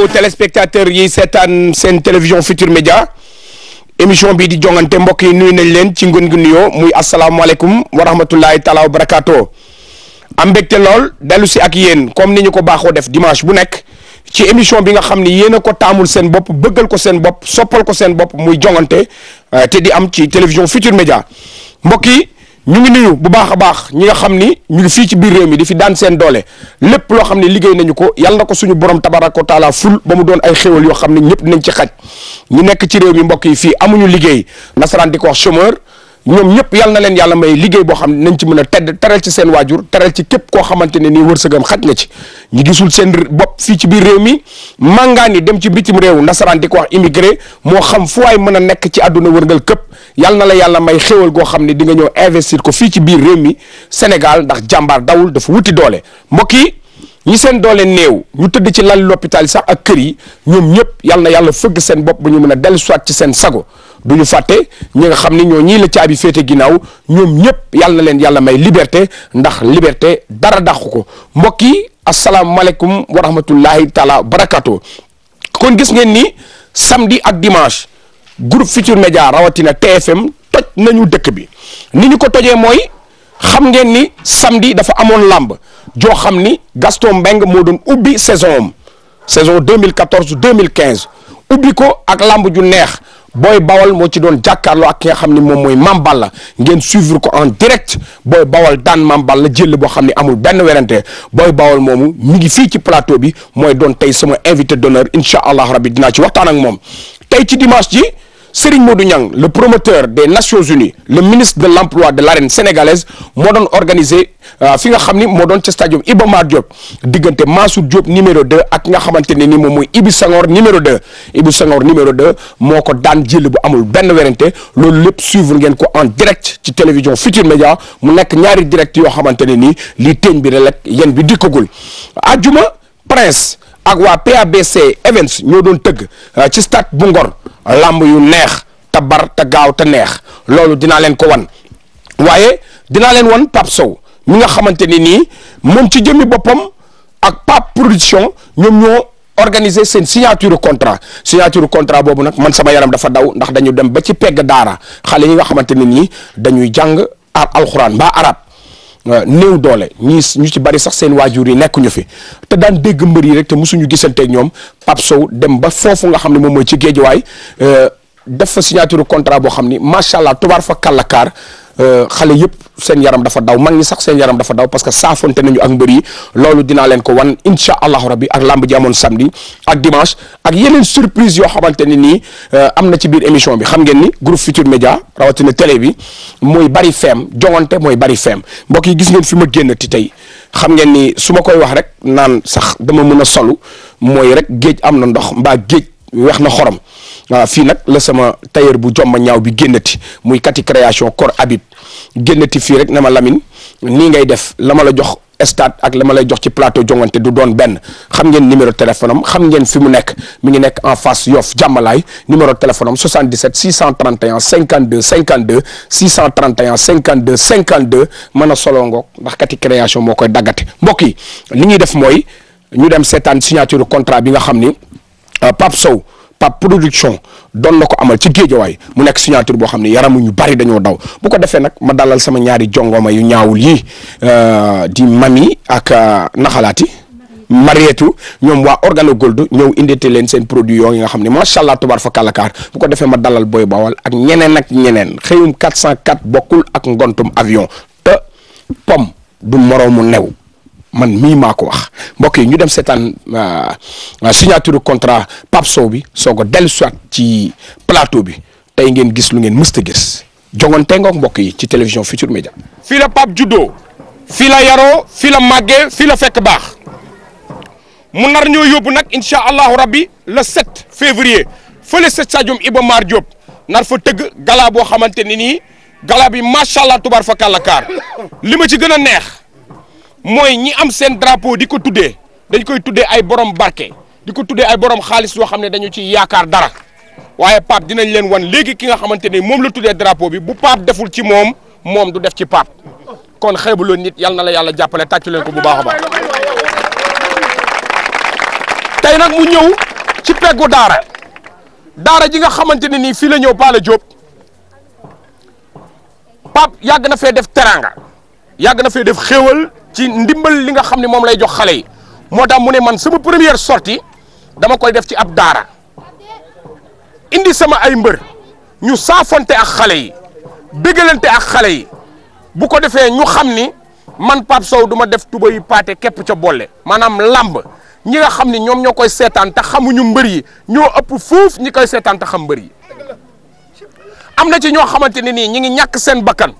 nuyu téléspectateur yi seetaan seen télévision Futur Média émission bi di jongante mbokk yi nuyu nañ leen ci ngun gi nuyoo muy asalaamualeykum wa rahmatullahi taala wa barakato am mbégte lool dellu si ak yéen comme ni ñu ko baaxoo def dimanche bu nekk ci émission bi nga xam ni yéen a ko taamul seen bopp bëggal ko seen bopp soppal ko seen bopp muy jongante euh, te di am ci télévision Futur Média mbokk ñu ngi nuyu bu baax baax ñi nga xam ni ñu ngi fii ci biir réew mi di fi daan seen doole lépp loo xam ne liggéey nañ ko yàlla na ko suñu borom tabaraka taala ful ba mu ay xéwal yoo xam ne ñëpp dinañ ci xaj ñu nekk ci réew mi mbokk yi fii amuñu liggéey nasaraan di ko wax chômeur ñoom ñëpp yàlla na leen yàlla may liggéey boo xam ne nañ ci mën a tedd teral ci seen waajur teral ci képp koo xamante ne nii wërsëgam xaj na ci ñu gisul seen bopp fii ci biir réew mi màngaani dem ci bitim réew nasaraan di ko wax immigré moo xam fu waay mën a nekk ci àdduna wërngal képp yal na la yàlla may xéewal goo xam ne dinga nga ñëw investir ko fii ci biir réew mi Sénégal ndax jàmbaar dawul dafa wuti doole mbokk yi ñi seen doole néew ñu tëdd ci lal l'hôpital yi sax ak kër yi ñoom ñëpp yal na yàlla fëgg seen bopp ba ñu mën a dellu soit ci seen sago ñu fàtte ñi nga xam ne ñoo ñii la caabi ginnaaw ñoom ñëpp yal na leen yàlla may liberté ndax liberté dara dàqu ko mbokk yi asalaamaaleykum wa rahmatullahi taala barakaatu kon gis ngeen ni samdi ak dimanche groupe Futur Média rawatina TFM toj nañu dëkk bi ni ñu ko tojee mooy xam ngeen ni samedi dafa amoon làmb joo xam ni Gaston Mbengue moo doon ubbi saison am saison 2014 2015 ubbi ko ak làmb ju neex booy bawal moo ci doon jàkkaarloo ak ki nga xam ni moom mooy Mame la ngeen suivre ko en direct booy bawal daan Mame Balla jël boo xam ne amul benn werante booy bawal moomu mi ngi fii ci plateau bi mooy doon tey sama invité d'honneur incha allah rabbi dinaa ci waxtaan ak moom tey ci Serigne Modou Niang le promoteur des Nations Unies le ministre de l'emploi de la l'arène sénégalaise moo doon organisé euh, fi nga xam ni moo doon ca stadium Iba Mar Diop diggante Mansour Diop numéro 2 ak nga xamante ne ni moom mooy Ibu Senghor numéro 2 Ibu Senghor numéro 2 moo ko daan jël bu amul benn werante loolu lépp suivre ngeen ko en direct ci télévision Futur Média mu nekk ñaari direct yoo xamante ne nii lii teeñ bi rek yen bi dikkagul ajuma prince ak waa PABC Events ñoo doon tëgg euh, ci stade bu Ngor làmb yu neex te bar te gaaw te neex loolu dinaa leen ko wan waaye dinaa leen wan Pape Sow mi nga xamante ni nii moom ci jëmmi boppam ak Pape Production ñoom ñoo organiser seen signature contrat signature contrat boobu nag man sama yaram dafa daw ndax dañu dem ba ci pegg daara xale yi nga xamante ne nii dañuy jàng alxuraan mbaa arab Euh, néew doole ñii ñu ci bari sax seen waajur yi nekkuñu fi te daan dégg mbër yi rek te mosuñu gisanteeg ñoom Pape Sow dem ba foofu nga xam ne moom mooy ci géejuwaay euh, def fa signature contrat boo xam ni macha allah tubaar fa kallakaar euh, xale yëpp seen yaram dafa daw mag ñi sax seen yaram dafa daw parce que saafonte nañu ak mbër yi loolu dinaa leen ko wan incha allahu rabbi ak làmb ji amoon samedi ak dimanche ak yeneen surprise yoo xamante ne nii euh, am na ci biir émission bi xam ngeen ni groupe Futur Média rawatina télé bi mooy bari feem jongante mooy bari feem mbokk yi gis ngeen fi ma génn ti tey xam ngeen nii su ma koy wax rek naan sax dama mën a solu mooy rek géej am na ndox mbaa géej weex na xorom waaw ah, fii nag la sama tailleur bu jomma ñaaw bi génnati muy kati création corps habit génnati fii rek na ma Lamine nii ngay def la ma la jox stade ak la ma lay jox ci plateau jongante du doon benn xam ngeen numéro téléphone xam ngeen fi mu nekk mi ngi nekk en face Yoff jàmmalaay numéro téléphone am 77 631 52 52 631 52 52 mën a solo ngoog ndax kati création moo koy daggate mbokk yi li ñuy def mooy ñu dem seetaan signature contrat bi nga xam ni ah, Pape Sow Pape Production doon na ko amal ci géejawaay mu nekk signature boo xam ne yaramu ñu bari dañoo daw bu ko defee nag ma dalal sama ñaari jongoma yu ñaawul yi euh, di mami ak euh, naxalaati marietu ñoom waa Organo Gold ñëw indite leen seen produit yoo nga xam ni macha allah tubaar fa kàllakaar bu ko defee ma dalal Boy Bawal ak ñeneen ak ñeneen xëyum 404 bokkul ak ngontum avion te pom du moroomu new man mi maa ko wax mbokk yi ñu dem seetaan euh, euh, signature contrat Pape Sow bi soo ko dellu soit ci plateau bi tey ngeen gis lu ngeen mësta gis jongante ngoog mbokk yi ci télévision Futur Média fii la Pape juddoo fii la yaroo fii la màggee fii la fekk baax mu nar ñoo yóbbu nag incha allahu rabbi le 7 février fële sa stadium Iba Mar Diop nar fa tëgg gala boo xamante ni nii gala bi macha allah tubaar fa kàllakaar li ma ci gën a neex. mooy ñi am seen drapo di ko tuddee dañ koy tuddee ay borom barke di ko tuddee ay borom xaalis yoo xam ne dañu ci yaakaar dara waaye Pape dinañ leen wan léegi ki nga xamante ne moom la tuddee drapeau bi bu Pape deful ci moom moom du def ci Pape kon xeebuloo nit yal na la yàlla jàppale tàccu leen ko bu baax a baax tey nag mu ñëw ci peggu daara daara ji nga xamante ne nii fii la ñëw Pala jóob Pape yàgg na fee def teraanga yàgg na fee def xéewal ci ndimbal li nga xam ne moom lay jox xale yi moo tax mu ne man sama première sortie dama koy def ci ab daara indi sama ay mbër ñu saafoonte ak xale yi bégalante ak xale yi bu ko defee ñu xam ni man Pape Sow du def tuba yu paate képp ca boole maanaam làmb ñi nga xam ni ñoom ñoo koy seetaan te xamuñu mbër yi ñoo ëpp fuuf ñi koy seetaan te xam mbër yi am na ci ñoo xamante ne nii ñi ngi ñàkk seen bakkan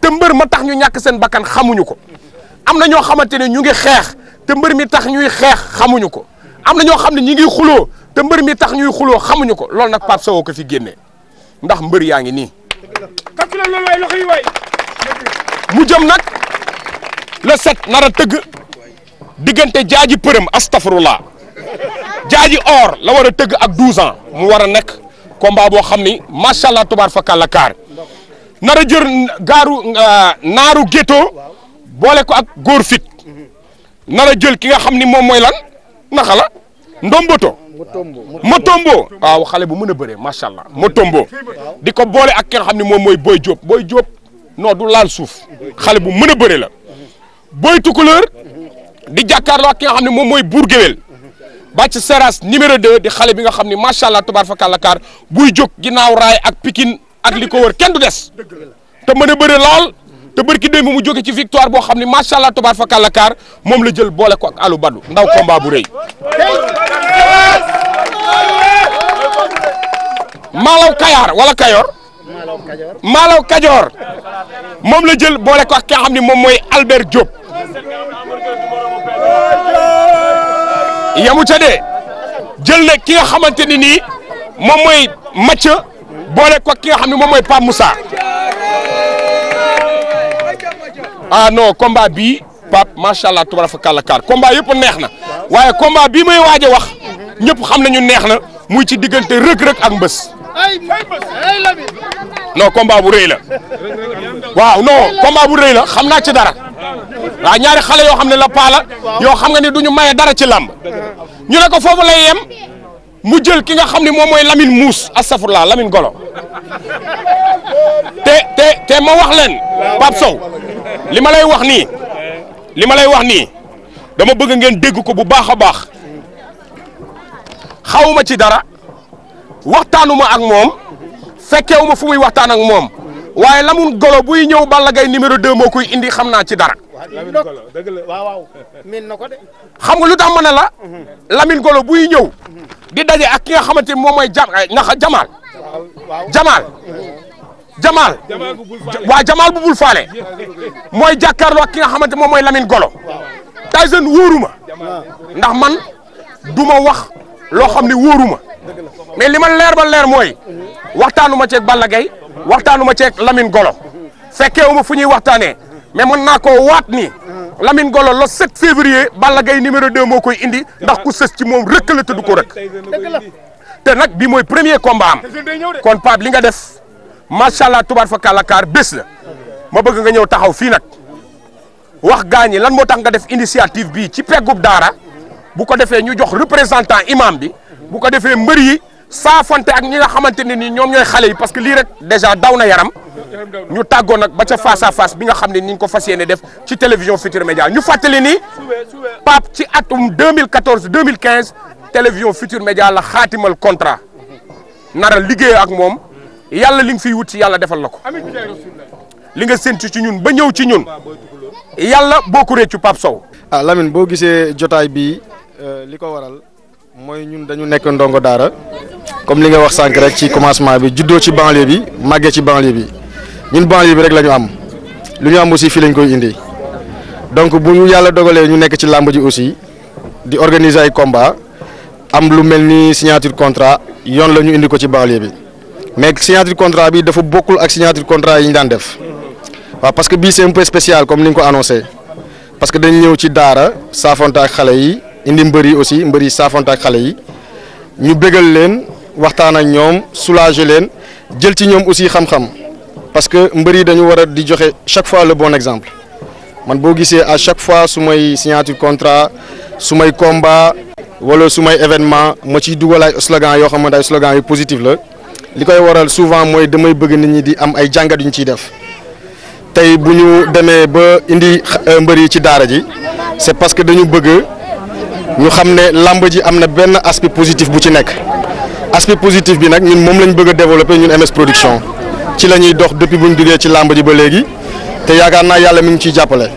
te mbër ma tax ñu ñàkk seen bakkan xamuñu ko am na ñoo xamante ne ñu ngi xeex te mbër mi tax ñuy xeex xamuñu ko am na ñoo xam ne ñu ngi xuloo te mbër mi tax ñuy xuloo xamuñu ko lool nag Pape Sow ko fi génnee ndax mbër yaa ngi nii. mu jëm nag la set nar a tëgg diggante jaaji përëm astafurlah jaaji or la war a tëgg ak 12 ans mu war a nekk combat boo xam ni macha allah tubaar fakal la kaar nar a jër gaaru euh, naaru ghetto. boole ko ak góor fit nar a jël ki nga xam ni moom mooy lan naka la ndomboto motombo waaw xale bu mën a bëree macha allah motombo di ko boole ak ki nga xam ne moom mooy Boy jóob Boy jóob non du laal suuf xale bu mën a bëre la Boy Tukulóor di jàkkaarloo ak ki nga xam ne moom mooy Buur Géwél bàcc Seras numéro 2 di xale bi nga xam ne macha allah tubaar fakàlla kaar buy jóg ginnaaw raay ak Pikine ak li ko wër kenn du des te mën a bëre laal te bërki démb mu jóge ci victoire boo xam ne macha allah tubaar fa kaar moom la jël boole ko ak alu badu ndaw combat bu rëy. maalaw kayaar wala kayoor. maalaw kajoor moom la jël boole ko ak ki xam ni moom moy Albert Diop. yamu ca de jël na ki nga xamante ni nii moom moy Mathieu boole ko ak ki nga xam ne moom mooy Pape Moussa. no ah non combat bii Pape macha allah tubaab fa kàllakaar combat yëpp neex na waaye combat bii may waaj a wax ñëpp xam nañu neex na muy ci diggante rëg-rëg ak mbës. non combat bu rëy la waaw non combat bu rëy la xam naa ci dara waaw ñaari xale yoo xam ne la paala yoo xam nga ne duñu maye dara ci làmb ñu ne ko foofu lay yem mu jël ki nga xam ni moom mooy Lamine Mousse astafurlaa lamin Golo te te ma wax leen Pape Sow li ma lay wax nii li ma lay wax nii dama bëgg ngeen dégg ko bu baax a baax xawma ci dara waxtaanuma ak moom fekkewuma fu muy waxtaan ak moom waaye lamun golo buy ñëw bala gay numéro 2 moo koy indi xam naa ci dara. xam nga lu tax ma ne la lamin Golo buy ñëw di daje ak ki nga xamante ni moom mooy ja naxa eh, Jamaal Jamaal Jamaal waa Jamaal bu bul faale mooy jàkkaarloo ak ki nga xamante moom mooy Lamine Golo Tyson wóoru ma ndax man du ma wax loo xam ne wóoru ma mais li ma leer ba leer mooy waxtaanu ma ceeg Balla gay waxtaanu ma ceeg Lamine Golo fekkeewu ma fu ñuy waxtaanee mais mën naa koo waat ni Lamine Golo le 7 février Balla gay numéro 2 moo koy indi ndax ku sës ci moom rëkk la tudd ko rëkk te nag bi mooy premier combat am kon Pape li nga def. macha allah tubaar fa kàllakaar bés la ma bëgg nga ñëw taxaw fii nag wax gaa ñi lan moo tax nga def initiative bii ci peggub daara bu ko defee ñu jox représentant imam bi bu ko defee mbër yi saafante ak ñi nga xamante ne ni ñoom ñooy xale yi parce que lii rek déjà daw na yaram ñu tàggoon nag ba ca face à face bi nga xam ne ni ñu ko fas yéene def ci télévision Futur Média ñu fàttali ni Pape ci atum 2014 2015 télévision Futur Média la xaatimal contrat nara liggéey ak moom. yàlla li nga fiy wut yàlla defal la ko li nga séntu ci ñun ba ñëw ci ñun yàlla boo ko réccu Pape Sow. ah Lamine boo gisee jotaay bii euh, li ko waral mooy ñun dañu nekk ndongo daara comme li nga wax sànq rek ci commencement bi juddoo ci banlieue bi màggee ci banlieue bi ñun banlieue bi rek lañu am lu ñu am aussi fii lañ koy indi donc bu ñu yàlla dogalee ñu nekk ci làmb ji aussi di organiser ay combat am lu mel ni signature contrat yoon la ñu indi ko ci banlieue bi. mais signature contrat bi dafa bokkul ak signature contrat yi ñu daan def waaw parce que bii c'est un peu spécial comme ni nga ko annoncé parce que dañ ñëw ci daara saafonte ak xale yi indi mbër yi aussi mbër yi saafonte ak xale yi ñu bégal leen waxtaan ak ñoom soulager leen jël ci ñoom aussi xam-xam parce que mbër yi dañu war a di joxe chaque fois le bon exemple man boo gisee à chaque fois su may signature contrat su may combat wala su may événement ma ciy yoo xamante ay slogan la. li koy waral souvent mooy damay bëgg nit ñi di am ay jàngat yu ñu ciy def tey bu ñu demee ba indi euh, mbër yi ci daara ji c'est parce que dañu bëgg ñu xam ne làmb ji am na benn aspect positif bu ci nekk aspect positif bi nag ñun moom lañ bëgg a ñun MS production ci la ñuy dox depuis bu ñu duggee ci làmb ji ba léegi te yaakaar naa yàlla mi ngi ciy jàppale.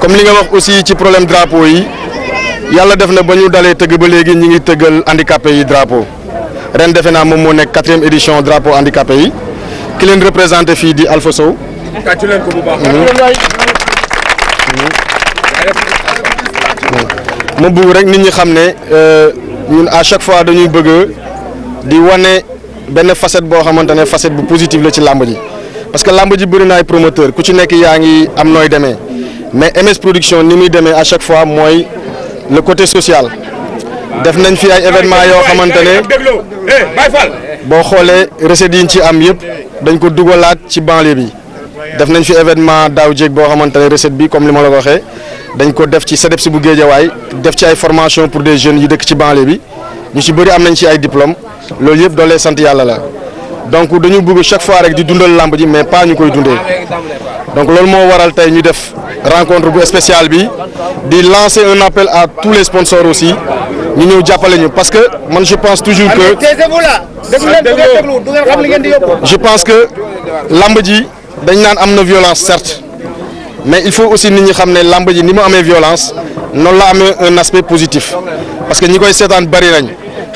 comme li nga wax aussi ci problème drapeau yi yàlla def na ba ñu dalee tëgg ba léegi ñu ngi tëggal handicapé yi drapeau. ren defe naa moom moo nekk quatrième édition drapeau handicapé yi ki leen représenté fii di Alpha Sow. leen ko bu baax. moom mm-hmm. mm-hmm. bëgg rek nit ñi xam ne euh, ñun à chaque fois dañuy bëgg di wane benn facette boo xamante ne facette bu positive la ci làmb ji parce que lamb ji bëri na ay promoteur ku ci nekk yaa ngi am nooy demee mais MS production ni muy demee à chaque fois mooy le côté social. def nañ fi ay événement yoo xamante ne boo xoolee recettes yi ñu ci am yëpp dañ ko dugalaat ci banlieue bi def nañ fi événement daaw jeeg boo xamante ne recette bi comme li ma la ko waxee dañ ko def ci CDEPS bu Géejawaay def ci ay formation pour des jeunes yu dëkk ci banlieue bi ñu ci bëri am nañ ci ay diplôme loolu yëpp doolee sant yàlla la donc dañu bugg chaque fois rek di dundal làmb ji mais pas ñu koy dundee donc loolu moo waral tey ñu def rencontre bu spéciale bi di lancer un appel à tous les sponsors aussi ñu ñëw jàppale ñu parce que man je pense toujours que. je pense que lamb ji dañ naan am na violence certes mais il faut aussi nit ñi xam ne lamb ji ni mu amee violence noonu la amee un aspect positif parce que ñi koy seetaan bari nañ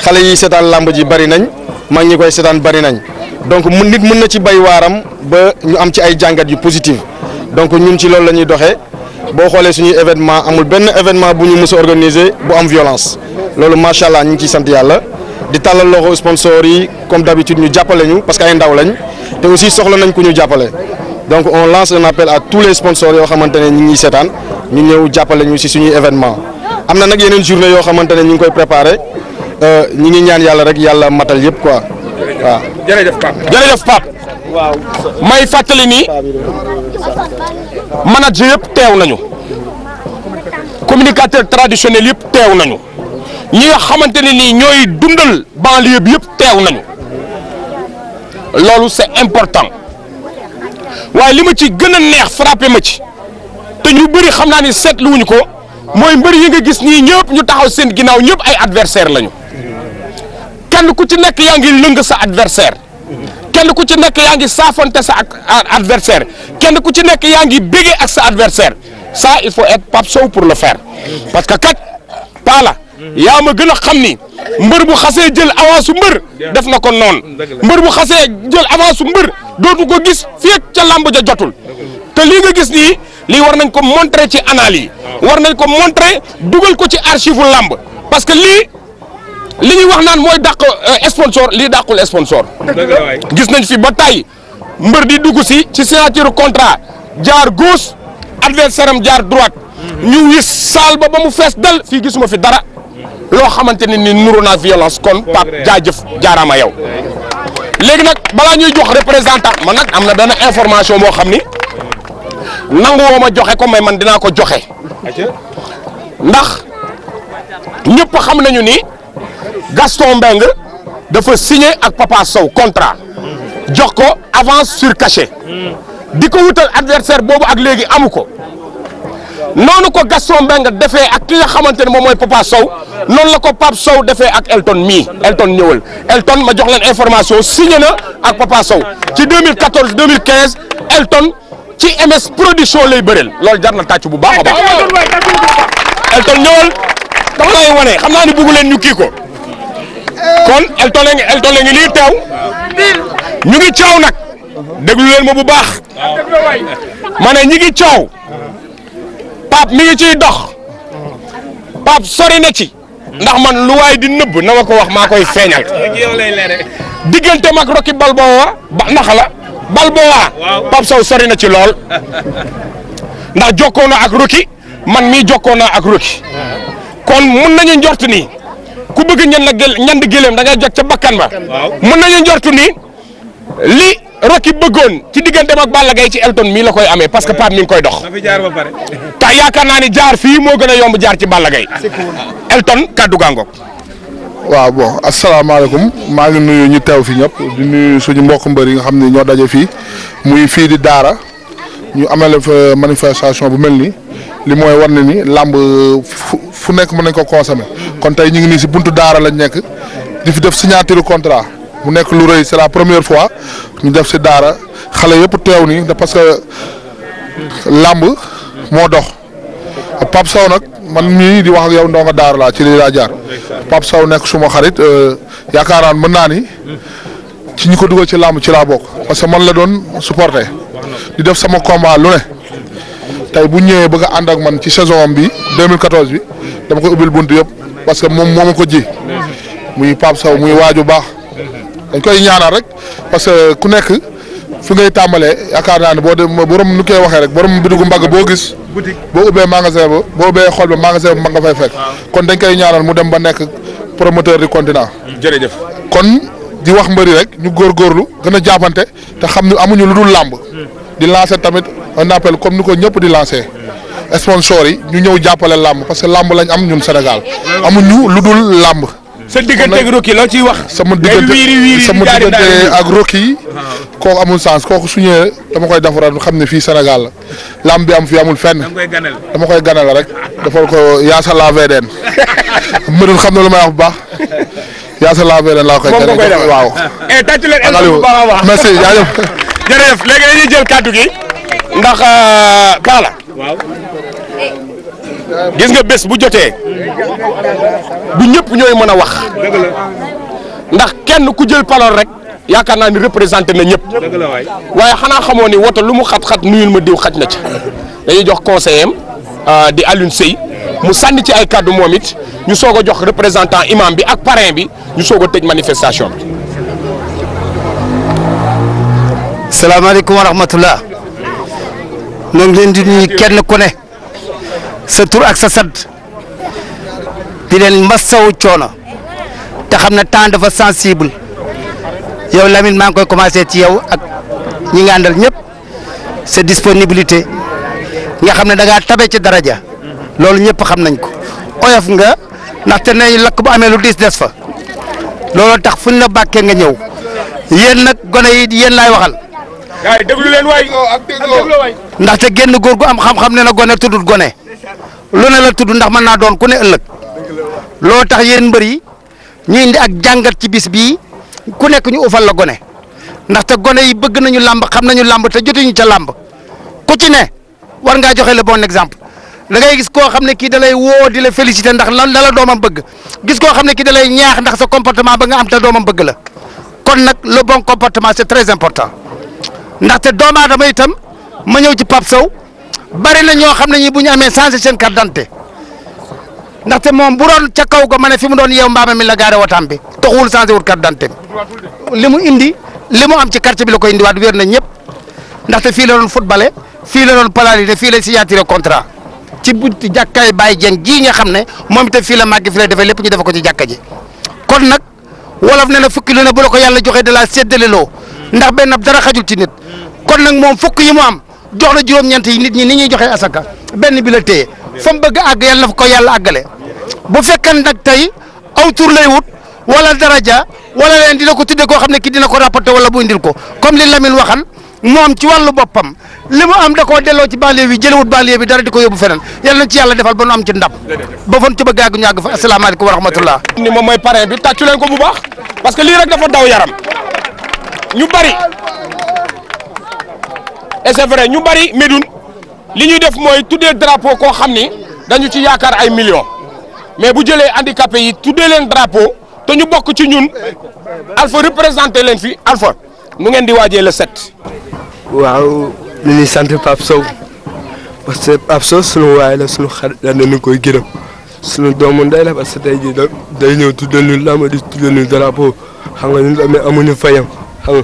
xale yi seetaan lamb ji bari nañ mag ñi koy seetaan bari nañ donc mu nit mën na ci bay waaram ba ñu am ci ay jàngat yu positive donc ñun ci loolu la ñuy doxee. boo xoolee suñuy événement amul benn événement bu ñu mës a organiser bu am violence loolu macha allah ñu ngi ciy sant yàlla di tàllal loxo sponsor yi comme d'habitude ñu jàppale ñu parce que ay ndaw lañ te aussi soxla nañ ku ñu jàppale donc on lance un appel à tous les sponsors yoo xamante ne ñu ngi seetaan ñu ñëw jàppale ñu si suñuy événement am na nag yeneen journée yoo xamante ne ñu ngi koy préparé euh, ñi ngi ñaan yàlla rek yàlla matal yëpp quoi waaw. jërëjëf Pape jërëjëf Pape. waaw may fàttali ni. manager yëpp teew nañu communicateur traditionnel yëpp teew nañu ñi nga xamante ne nii ñooy dundal banlieue bi yëpp teew nañu loolu c'est important waaye li ma ci gën a neex frappé ma ci te ñu bëri xam naa ni seetluwuñu ko mooy mbër yi nga gis nii ñëpp ñu taxaw seen ginnaaw ñëpp ay adversaire lañu kenn ku ci nekk yaa ngi lëng sa adversaire kenn ku ci nekk yaa ngi saafonte ak kenn ku ci nekk yaa ngi bégee ak sa adversaire ça il faut être Pape Sow pour le faire parce que kat paa la yaa ma gën a xam ni mbër bu xase jël avance su mbër def na ko noonu mbër bu xasee jël avance su mbër dootu ko gis fii ak ca lamb ja jotul te lii nga gis ni lii war nañ ko montrer ci annales yi war nañ ko montrer dugal ko ci archive u parce que lii li ñuy wax naan mooy dàq euh, sponsor lii dàqul sponsor. gis nañ fi ba tey mbër di dugg si ci signature contrat jaar gauche adversaire am jaar droite mm-hmm. ñu wis saal ba ba mu fees dal fii gisuma fi dara mm-hmm. loo xamante ne ni nuru naa violence kon Pape jaajëf jaaraama yow. léegi nag balaa ñuy jox représentant man nag am na benn information moo xam ni nangu woo ma joxe ko may man dinaa ko joxe ndax ñépp xam nañu ni. Gaston Mbengue dafa signe ak Papa Sow contrat jox ko avance sur cachet di ko wutal adversaire boobu ak léegi amu ko noonu ko Gaston Mbengue defee ak ki nga xamante ne moom mooy Papa Sow noonu la ko Pape Sow defee ak Elton mii Elton ñëwal Elton ma jox leen information signé na ak Papa Sow ci 2014 2015 Elton ci MS production lay bëreel loolu jar na tàcc bu baax a baax Elton ñëwal dama lay wane xam naa ni bëggu leen ñu kii ko. kon Elton la ngi Elton la ngi ñu ngi coow nag déglu leen ma bu baax ma ñu ngi coow Pape mi ngi ciy dox Pape sori na ci ndax man lu waay di nëbb na ma ko wax maa koy feeñal diggante mag Rocky Balboa ba ndax la Balboa Pape sori na ci lool ndax jokkoo na ak Rocky man mi jokkoo naa ak Rocky kon mun nañu njort nii ku bëgg ñan la gël ñand gëléem da ngay jot ca bakkan ba mën nañu njortu ni li Rocky bëggoon ci digganteem ak Balla Gaye ci Elton mii la koy amee parce que Pape mi koy dox te yaakaar naa ni jaar fii moo gën a yomb jaar ci Balla Gaye Elton kaddu gàngoog waaw bon asalaamaaleykum maa ngi nuyu ñu teew fii ñëpp di nuyu suñu mbokk mbër yi nga xam ne ñoo daje fii muy fii di daara ñu amale fa manifestation bu mel nii li mooy war na ni làmb fu nekk mën nañ ko consommer kon tey ñu ngi nii si bunt daara lañ nekk di fi def si signature contrat mu nekk lu rëy c'est la première fois ñu def si daara xale yëpp teew nii parce que làmb moo dox Pape Sow nag man mii di wax ak yow ndongo daara laa ci lii la jaar Pape Sow nekk suma xarit euh, yaakaar naa mën naa ni ci ñi ko dugal ci làmb ci la bokk parce que man la doon supporter di def sama combat lu ne. tey bu ñëwee bëgg a ànd ak man ci saison bi 2014 bi dama koy ubbil bunt yëpp parce que moom moo ma ko ji muy Pape Sow muy waaju baax dañ koy ñaanal rek parce que ku nekk fi ngay tàmbalee yaakaar naa ne boo dem borom nu koy waxee rek borom bidugu mbagg boo gis boo ubbee magasin ba boo ubbee xol magasin ba mag fekk kon dañ koy ñaanal mu dem ba nekk promoteur du continent jef kon ji wax mbëri rek ñu góorgóorlu gën a jàppante te xam ne amuñu lu dul làmb hmm. di lancer tamit un appel comme ni ko ñëpp di lancer sponsor yi ñu ñëw jàppale làmb parce que làmb lañ am ñun Sénégal amuñu lu dul làmb. sa digganteeg Rocky loo ciy wax. sama diggante sama diggante ak Rocky kook amul sens kooku su ñëwee koy defaraat xam ne fii Sénégal la bi am fi amul fenn. dama koy ganal rek. dafa ko yaasa la VDN mënul xam na lu may wax bu baax yaasa la VDN laa koy. moom eh, merci jaajëf. jërëjëf léegi dañuy jël kàddu gi ndax Paala. Euh, gis nga bés bu jotee bu ñëpp ñooy mën a wax. ndax kenn ku jël parole rek yaakaar naa ni représenté na ñëpp. waaye xanaa xamoo ni woto lu mu xat-xat nuyul ma diw xaj na ci. dañuy jox conseiller am euh, di Alioune Seye mu sànni ci ay kàddu moom it ñu soog a jox représentant imam bi ak parrain bi ñu soog a tëj manifestation bi. salaamaaleykum wa rahmatullah ñoo ngi leen di kenn kone sa tur ak sa sant di leen masawu coono te xam ne temps dafa sensible yow Lamine maa ngi koy commencé ci yow ak ñi nga àndal ñëpp sa disponibilité nga xam ne da ngaa tabe ci daraja loolu ñëpp xam nañ ko oyof nga ndaxte nañ lakk bu amee lu diis des fa looloo tax fu ñu la bàkkee nga ñëw yéen nag gone yi yéen laay waxal. gars yi déglu leen waay ak ndaxte génn góor gu am xam-xam ne na gone tuddul gone lu ne la tudd ndax mën naa doon ku ne ëllëg loo tax yéen mbër yi ñu indi ak jàngat ci bis bii ku nekk ñu ufal la gone ndaxte gone yi bëgg nañu làmb xam nañu làmb te ñu ca làmb ku ci ne war ngaa joxe le bon exemple da ngay gis koo xam ne kii da lay woo di la féliciter ndax lan la la doomam bëgg gis koo xam ne kii dalay ñaax ndax sa comportement ba nga am te doomam bëgg la kon nag le bon comportement c'est important ndaxte doomu aadama tam ma ñëw ci Pape Sow bari na ñoo xam ne ñi bu ñu amee changé seen carte d'identité ndaxte moom bu roon ca kaw ko ma ne fi mu doon yeew mbaama mi la gaare wataam bi taxul changé wut carte d'identité li mu indi li mu am ci quartier bi la koy indiwaat wér na ñëpp ndaxte fii la doon footballé fii la doon polarisé fii la signature contrat ci bunti jàkkaay Baye Dieng jii nga xam ne moom itam fii la màgg fii la defee lépp ñu defe ko ci jàkka ji kon nag wolof ne fukki lu ne bu la ko yàlla joxee da laa séddale loo ndax benn kon nag moom fukk yi mu am jox la juróom-ñeent yi nit ñi ni ñuy joxe asaka benn bi a téye fa mu bëgg a àgg na fa ko yàlla àggale bu fekkee nag tey aw tur lay wut wala daraja wala leen dina ko tuddee koo xam ne kii dina ko rapporté wala bu indil ko comme li Lamine waxan moom ci wàllu boppam li mu am da koo delloo ci banlieue bi jëlewut banlieue bi dara di ko yóbbu feneen yal nañ ci yàlla defal ba nu am ci ndam ba fa asalaamaaleykum wa rahmatullah ni moom mooy parrain bi ko bu baax parce que lii rek et c'est vrai ñu bari Médoune li ñuy def mooy tuddee drapeau koo xam ni dañu ci yaakaar ay millions mais bu jëlee handicapé yi tuddee leen drapeau te ñu bokk ci ñun Alpha représenté leen fi Alpha nu ngeen di waajee le set waaw ñu ngi sant Pape Sow parce que Pape Sow sunu waay la sunu xarit la nañu koy gërëm sunu doomu ndey la parce que tey jii day ñëw tuddee ñu làmb di tuddee ñu drapeau xam nga ñun tamit amuñu fayam xam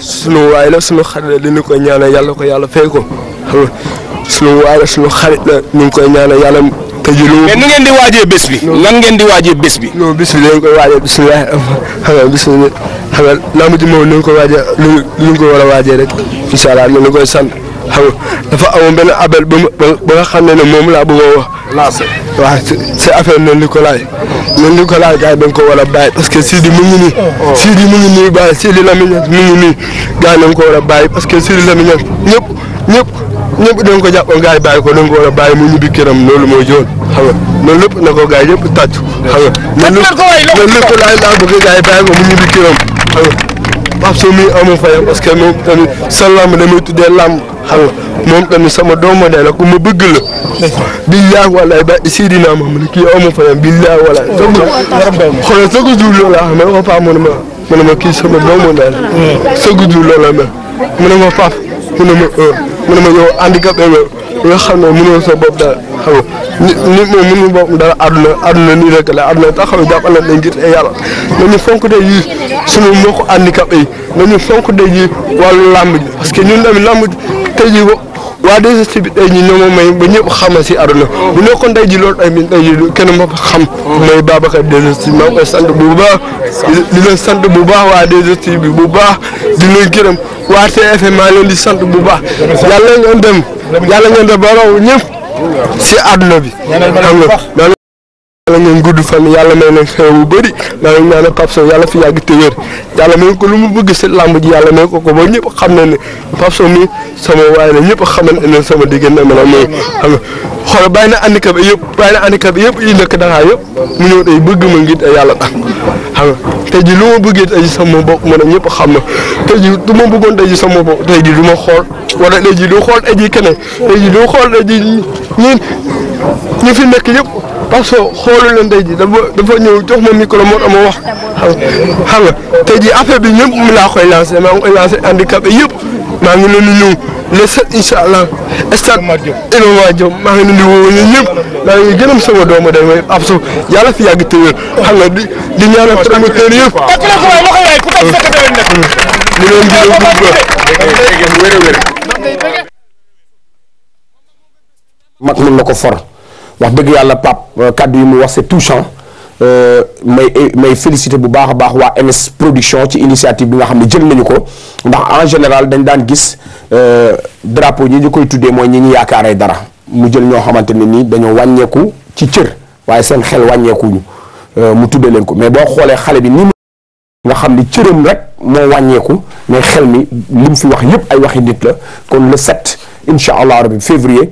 sunu waay la sunu xarit la dina koy ñaanal yàlla ko yàlla fay ko xam nga sunu waay la sunu xarit la ñu koy ñaanal yàlla te ji lu. mais nu ngeen di waajee bés bi. lan ngeen di waajee bés bi. non bés bi dañ koy waajee bisimilah xam nga bisimilah xam nga làmb ji moom ni nga ko waajee ni nga ko war a waajee rek incha allah ñu koy sant xam nga dafa amoon benn abel ba nga xam ne ne moom laa bëggoon wax. lancé waaw si affaire Ndeye ko Ndeye Nicolas oh. gars yi dañ ko war a bàyyi parce que Sidi mu ngi nii. Sidi mu ngi nii bàyyi Sidi Lamine mu ngi parce que Sidi Lamine ñëpp ñëpp ñëpp dañ ko jàppoon gars yi bàyyi ko dañ ko war a bàyyi mu ñibbi këram loolu mooy joon xam nga loolu ko gars yi yëpp tàcc. xam nga Ndeye Nicolas laa ko mu ñibbi këram xam Pape Sow mii amul fayam parce que moom tamit sa damay tuddee làmb xam nga moom tamit sama doomu ma la ku ma bëgg la. ba Sidina Mohamed kii amul fayam billaay walaay. xoolal sa guddi loolu laa ma ma sama doomu ndey la. sa guddi loolu ma ne ma mu ne ma euh, mu ne ma yow handicapé xam na mënoo sa bopp dara xam nga nit nit moom mënul bopp dara àdduna àdduna nii rek la àdduna tax xam ne jàppale nañ ngir te yàlla nañu fonk de yi sunu mbokku handicapé yi nañu fonk de yi wàllu làmb ji parce que ñun tamit làmb tey jii waa 2STV tey jii ñoo ma may ba ñëpp xama si aduna bu nekkoon tey jii loolu tamit tey jii kenn ma xam. mooy Babacar 2STV maa ngi koy sant bu baax. di sant bu baax waa 2STV bi bu baax di leen gërëm waa TFM maa leen di sant bu baax. yàlla ngeen dem yàlla ngeen dem ba raw ñëpp si aduna bi. xam nga yàlla ngeen gudd fan yàlla may nag xew bu bëri maa ngi ñaanal Pape Sow yàlla fi yàgg te wér yàlla may ko lu mu bëgg si làmb ji yàlla may ko ko ba ñëpp xam ne ne Pape Sow mi sama waaye la ñëpp xamante ne sama diggante ma la mooy xam nga xool bàyyi na handicap yëpp bàyyi na handicap yëpp yi nekk Dakar yëpp mu ñëw tey bëgg ma ngir yàlla tax xam nga tey ji lu ma bëggee tey ji sama bopp ma na ñëpp xam na te ji du ma bëggoon tey ji sama bopp tey ji du ma xool wala tey ji du xool tey ji keneen tey ji du xool tey ji ñun ñu fi nekk yëpp parce que xoolu leen tey jii dafa dafa jox ma micro moo tax wax xam nga tey jii affaire bi ñëpp mi laa koy lancé maa ngi koy lancé handicapé yëpp maa ngi leen di ñëw le sept allah stade Iba Mar Diop ngi leen di ñëpp maa ngi gërëm sama doomu day may ab so yàlla fi yàgg tëwër xam di di ñaanal promoteur yëpp. ñu mm. leen gërëm bu baax. mag mën na ko for. wax dëgg yàlla pap euh, kàddu yi mu wax c'est touchant euh, may eh, may félicité bu baax a baax waa MS production ci initiative bi nga xam ne jël nañu ko ndax en général dañ daan gis euh, drapeau ñi ñu koy tuddee mooy ñi ñu yaakaaree dara mu jël ñoo xamante ne nii dañoo wàññeeku ci cër waaye seen xel wàññeekuñu mu tuddee leen ko mais boo xoolee xale bi ni nga xam ni cëram rek moo wàññeeku mais xel mi li mu fi wax yépp ay waxi nit la kon le 7 incha allah rabi février.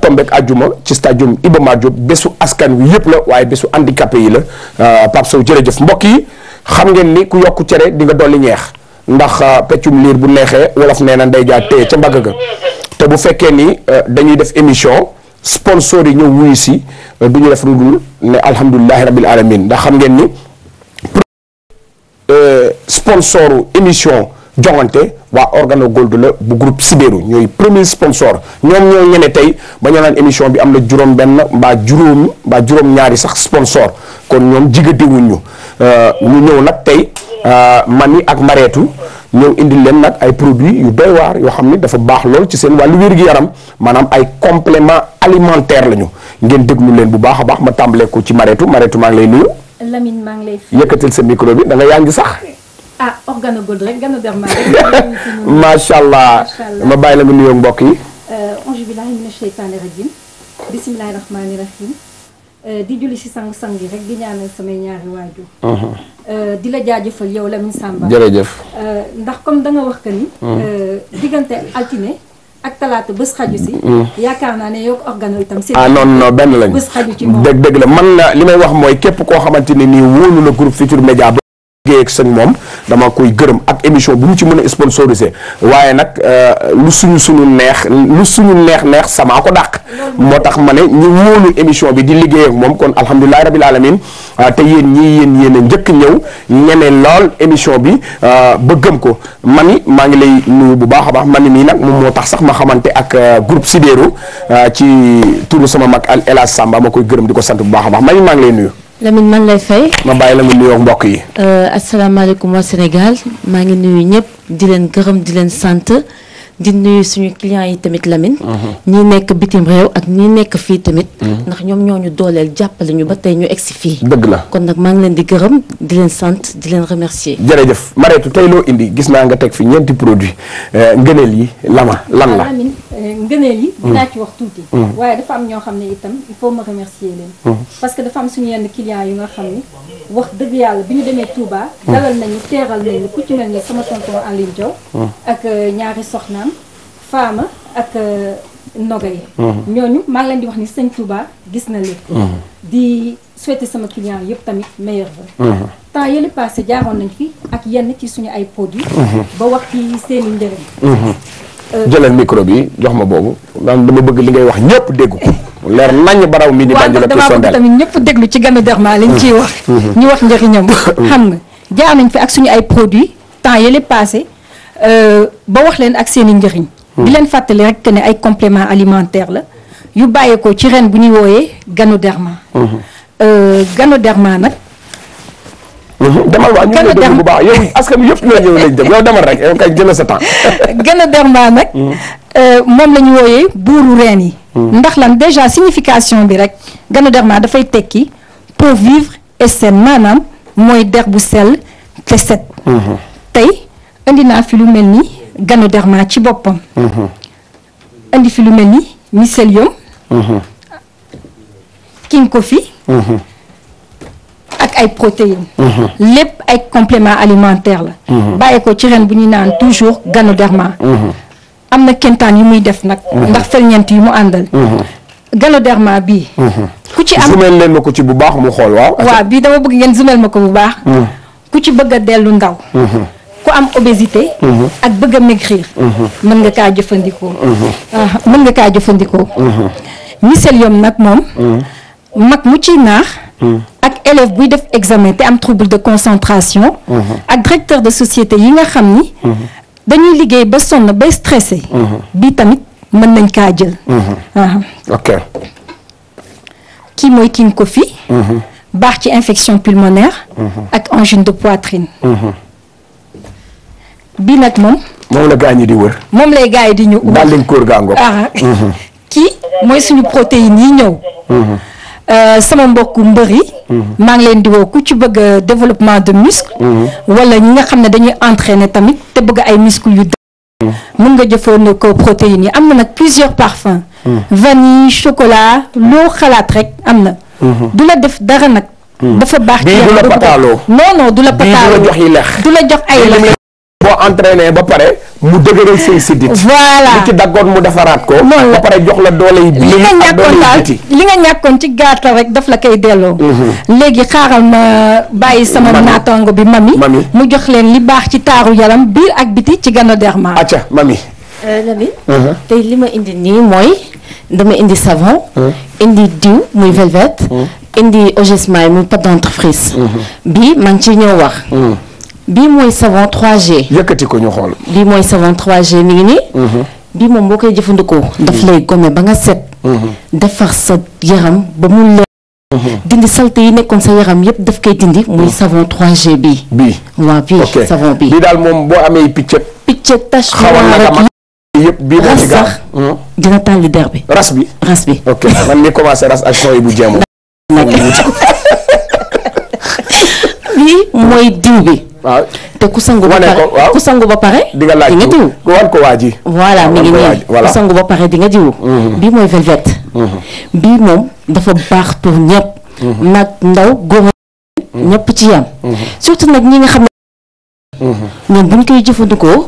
tombek ajuma ci stadium Iba Mar bésu askan wi yëpp la waaye bésu handicapé yi la euh, Pape Sow jëf mbokk yi xam ngeen ni ku yokk cere di nga dolli ñeex ndax euh, peccum liir bu neexee wolof nee na ndey jaa téye ca mbagg ga te bu fekkee ni euh, dañuy def émission sponsor yi ñëw wuyu si du ñu def lu ne alhamdulilahi rabil alamin ndax xam ngeen ni sponsoru émission joŋante waa Organo Gold la bu groupe Siberu ñooy premier sponsor ñoom ñoo ñene tey ba ñu naan émission bi am na juróom-benn mbaa juróomi mbaa juróom-ñaari sax sponsor kon ñoom jigadiwuñ ñu euh, ñu ñëw nag tey euh, man mami ak mareetu ñëw indil leen nag ay produits yu doy waar yoo xam ni dafa baax lool ci seen wàllu wér-gu-yaram maanaam ay complément alimentaire la ñu ngeen déglu leen bu baax a baax ma tàmbalee ko ci mareetu mareetu maa ngi lay nuyu. Lamine maa sa micro bi da nga sax. ah organogold rek ganoderma rek. macha allah ma bàyyi la nga nuyoo mbokk yi. auzu euh, billaahi mina sheytaani rajiim bismillaahi rahmaani rahiim euh, di julli si sangu sang yi rek di ñaanal samay ñaari waajur. Uh-huh. Euh, di la jaajëfal yow Lamine Samba. jërëjëf. ndax comme da nga wax que ni. Uh-huh. diggante altine ak talaata bés xaju si. Uh-huh. yaakaar naa ne yow organo itam. seen ah non non benn lañu bés xaju ci moom dëgg dëgg la man li may wax mooy képp koo xamante ne nii wóolu la groupe Futurs liggéey ak moom dama koy gërëm ak émission bu mu ci mën a sponsorisé waaye nag euh, lu suñu suñu neex lu suñu neex neex samaa ko dàq moo tax ma ne ñu wóolu émission bi di liggéey moom kon alhamdulilahi rabil alamin euh, te yéen ñii yéen yéen a njëkk ñëw ñeme lool émission bi euh, ba gëm ko mani maa ngi lay nuyu bu baax a baax mani mii nag moom moo tax sax ma xamante ak groupe Sidéro ci turu sama mag El Hadj Samba ma koy gërëm di ko sant bu baax a baax mani maa ngi lay nuyu Lamine man lay fay. ma bàyyi la mu nuyoog mbokk yi. Euh, asalaamaaleykum waa Sénégal maa ngi nuyu ñëpp di leen gërëm di leen sant. di nuyu suñu clients yi tamit Lamine. Uh-huh. ñi nekk bitim réew ak ñi nekk fii tamit. Uh-huh. ndax ñoom ñoo ñu dooleel jàppale ñu ba tey ñu egsi fii. dëgg la kon nag maa ngi leen di gërëm di leen sant di leen remercier. jërëjëf Marietou tey loo indi gis naa nga teg fi ñeenti produit euh, ngëneel yi lama lan la. Ah, Lamine euh, ngëneel yi. Mm. dinaa ci wax tuuti. Mm. waaye dafa am ñoo xam ne itam il faut ma remercier leen. Mm. parce que dafa am suñu yenn clients yu nga xam ne wax dëgg yàlla bi ñu demee Touba. dalal nañu teeral nañu Faama ak euh, Nogay. Mhm. ñooñu maa ngi leen di wax ni sëñ Touba gis na lépp. Mhm. di souhaiter sama client yëpp tamit meilleur vœu. Mhm. temps yële passé jaaroon nañ fi ak yenn ci suñu ay produits. ba wax ci seen i njëriñ. Euh, micro bi jox ma boobu daan dama bëgg li ngay wax ñëpp dégg leer nañ baraw mi ni bànjul ak sondel waaw tamit ñëpp déglu ci Gana Derma liñ ciy wax ñu wax njëriñam xam nga jaar nañ fi ak suñu ay produits temps yële passé euh, ba wax leen ak seen i njëriñ di leen fàttali rek ne ay complément alimentaire la yu bàyyeekoo ci ren bu ñuy wooyee ganoderma mhm. euh, ganoderma nag mhm. demal waa ñu ngi lay déglu bu baax yow askan yëpp ñoo ñëw lañ dem yow demal rek yow kay jëlee sa temps ganoderma nag mhm. euh, moom la ñu wooyee buuru reen yi ndax lan déjà signification bi rek ganoderma dafay tekki pour vivre et maanaam mooy der bu sell te set tey indi naa fi lu mel nii Ganoderma ci boppam. indi fi lu mel ni mycélium. kinkofi. ak ay protéines. lépp ay compléments alimentaires la. bàyyi ko ci ren bu ñu naan toujours Ganoderma. am na kentaan yu muy def nag. ndax ñent yu mu àndal. Ganoderma bii. ku ci am zoomel leen ma ko ci bu baax mu xool waaw. bii dama bëgg ngeen zoomel ma ko bu baax. Hmm. ku ci bëgg a dellu ndaw. Hmm. ku am obésité. Mhm. ak bëgg a maigrir. Mhm. mën nga kaa jëfandikoo. Mhm. Ah, mën nga kaa jëfandikoo. mycélium nag moom. mu ciy naax. ak élève buy def examen te am trouble de concentration. ak directeur de société yi nga xam ni. dañuy liggéey ba sonn bay stressé. bii tamit mën nañ kaa jël. Ah. mooy ki ko fi. baax ci infection pulmonaire. ak angine de poitrine. bi nag moom. moom la gaa di wër. moom lay gaa yi di ñu. daal lañ kóor gaa ngoog. Ah. Mhm. kii mooy suñu protéine yi ñëw. Mhm. Euh, sama mbokku mbër yi. Mhm. maa ngi leen di woo ku ci bëgg euh, développement de muscle. wala ñi nga xam ne dañuy entraîner tamit te bëgg ay muscle yu. mën nga ko protéines yi am na nag plusieurs parfums. vanille chocolat loo xalaat rek am na. du la def dara nag. dafa baax ci yaram bii du la pataaloo. du la pataaloo du la jox yi ay lex. boo entraîné ba pare mu dëgëral say siddit voilà li ci daggoon mu defaraat ko. ba pare jox la doole yi biir ak doole yi li nga ñàkkoon ci gaata rek daf la koy delloo. Mhm. léegi xaaral ma bàyyi sama naataango bi mami. mu jox leen li baax ci taaru yaram biir ak biti ci Ganoderma. acca mami. Euh, Lamine. Mhm. tey li ma indi nii mooy dama indi savon. Mhm. indi diw muy velvet. indi eau de Jasmin muy pâte dentifrice. bi maa ngi ciy ñëw wax. bii mooy savon 3G. yëkkati ko ñu xool. bii mooy savon 3G mi ngi nii. Mhm. bii moom boo koy jëfandikoo. Mhm. daf lay gome ba nga set. Mhm. defar sa yaram ba mu leer. dindi salte yi nekkoon sa yaram yëpp daf koy dindi muy savon 3G bii. bii waaw bii savon bii. bii daal moom boo amee piccet. piccet tache noire yëpp bi moo ci gaaw ras sax der bi. ras bi ras bi. ok man mi commencé ras ak sooy bu jéem lii mooy diw bi. waaw te ku sangu ba pare ku sangu ba pare. di nga laaj di diw ku wan ko waa ji. voilà mi ngi nii ku sangu ba pare di nga diw. Mm-hmm. bii mooy velvet. Mm-hmm. bii moom dafa baax pour ñëpp. Mm-hmm. nag ndaw góor ñëpp ci yam surtout nag ñi nga xam ne. ñoom bu ñu koy jëfandikoo.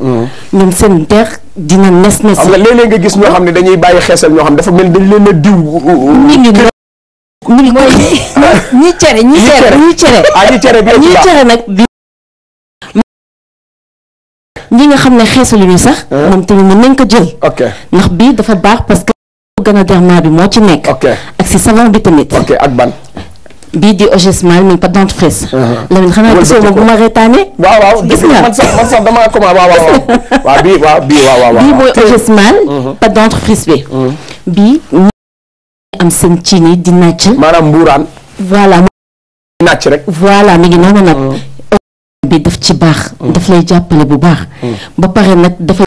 ñoom seen der dina nes nes. xam nga nga gis ñoo xam ne dañuy bàyyi xeesal ñoo xam dafa mel dañ leen a diw. mooy ñi cere ñi cere ñi cere ah, ñi cere ñi cere nag bi ñi nga xam ne xeesaluñu sax ah. moom tamit mën nañ ko jël ndax bii dafa baax parce que gën a derma bi moo ci nekk ak si savon bi tamit ak ban bii di ogesmal mi pâte dentifrice ma bu ma reetaane waaw waaw gis nga man sax man sax dama comment waaw waaw waaw bii waaw bii waaw waaw bii mooy ogesmal mhm. pâte dentifrice bi mhm. am seen ciini di nàcc. maanaam mbuuraan. voilà nàcc rek. voilà mi ngi noonu nag. Hmm. bi daf ci baax. Hmm. daf jàppale bu baax. Hmm. ba pare nag dafa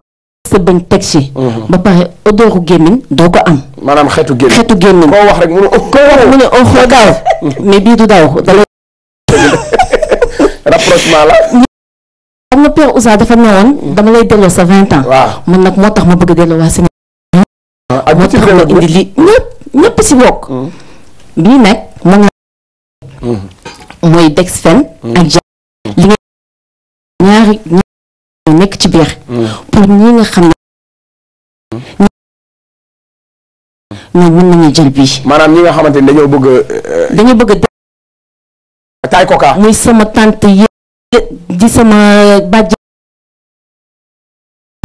sa bañ teg si. ba pare odooru gémmiñ doo ko am. maanaam xeetu gémmiñ xeetu gémmiñ. koo wax rek mu ne oh koo wax mu ne oh xoo daaw. mais bii rapprochement na lay delloo moo tax a ñëpp si bokk. bii nag ma nga. mooy Dexfen. ak Jabi ñaari ñaari nekk ci biir. pour ñi nga xam ne. ñoom mën nañu jël bii. maanaam ñi nga xamante ni dañoo bëgg a. Euh, dañoo bëgg a. taay coca muy sama tante yi di sama bàjj.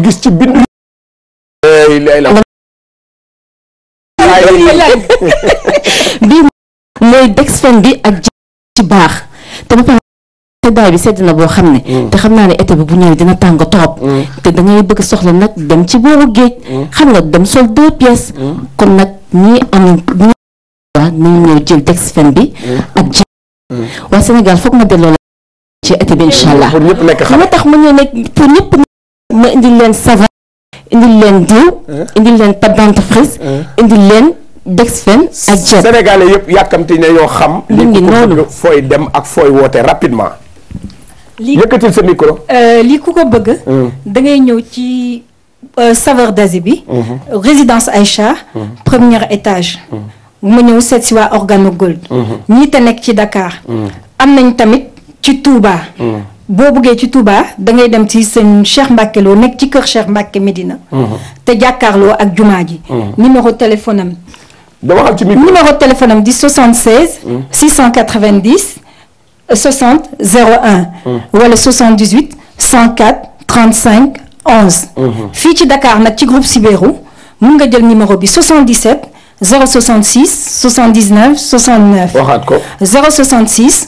gis ci bind. bii mooy Dexfen bi ak ci baax te ba pare seddaay bi sedd na boo xam ne mm. te xam naa ne été bu ñëwee dina tàng trop mm. te da ngay bëgg soxla nag dem ci boobu géej mm. xam nga dem sol deux pièces kon nag ñi am ñi nañu ñëw jël Dexfen bi ak ji waa Sénégal foog ma delloo la ci été bi incha moo tax mu ñëw nekk pour ma indil leen savon indil leen diw. indil leen pâte dentifrice. indil leen Dexfen ak jet. Sénégalais yëpp yàkkamti na yoo xam. li ngi noonu fooy dem ak fooy woote rapidement. li yëkkatil sa micro. Euh, li ku ko bëgg. Hmm. da ngay ñëw ci euh, saveur d'Asie bi. Hmm. résidence Aïcha. Hmm. premier étage. ma ñëw seet si waa Organo Gold. ñi nekk ci Dakar. am nañ tamit ci Touba. boo buggee ci Touba da ngay dem ci sëñ Cheikh Mbacke loo nekk ci kër Cheikh Mbacke Medina. Mhm. te jàkkaarloo ak jumaa ji. Mhm. numéro téléphone am. dama xam ci micro numéro téléphone am di 76. 690 60 01. wala 78 104 35 11. fii ci Dakar nag ci groupe Sibéru mun nga jël numéro bi 77 066 79 69. waxaat ko 066.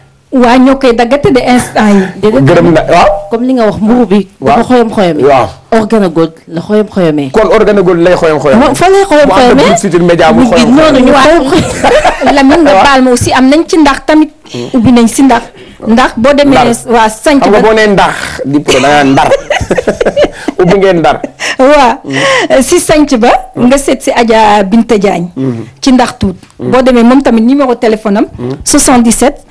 waa ñoo koy daggate de instant yi. gërëm na waaw. comme li nga wax mburu bi. waaw dafa xoyom xoyomee. waaw organogold la xoyom xoyomee. kon organogold lay xoyom xoyomee. moom fa lay xoyom xoyomee mu am média bu xoyom noonu ñu waaw Lamine nga am nañ ci ndax tamit. Mm. ubbi nañ si ndax. ndax boo demee. waa sànq ba boo nee ndax di da ndar ndar. waaw mm. si ba. Mm. nga seet si Adja Binta Diagne. Mm-hmm. ci ndax tuut. boo demee moom tamit numéro téléphone am. 77.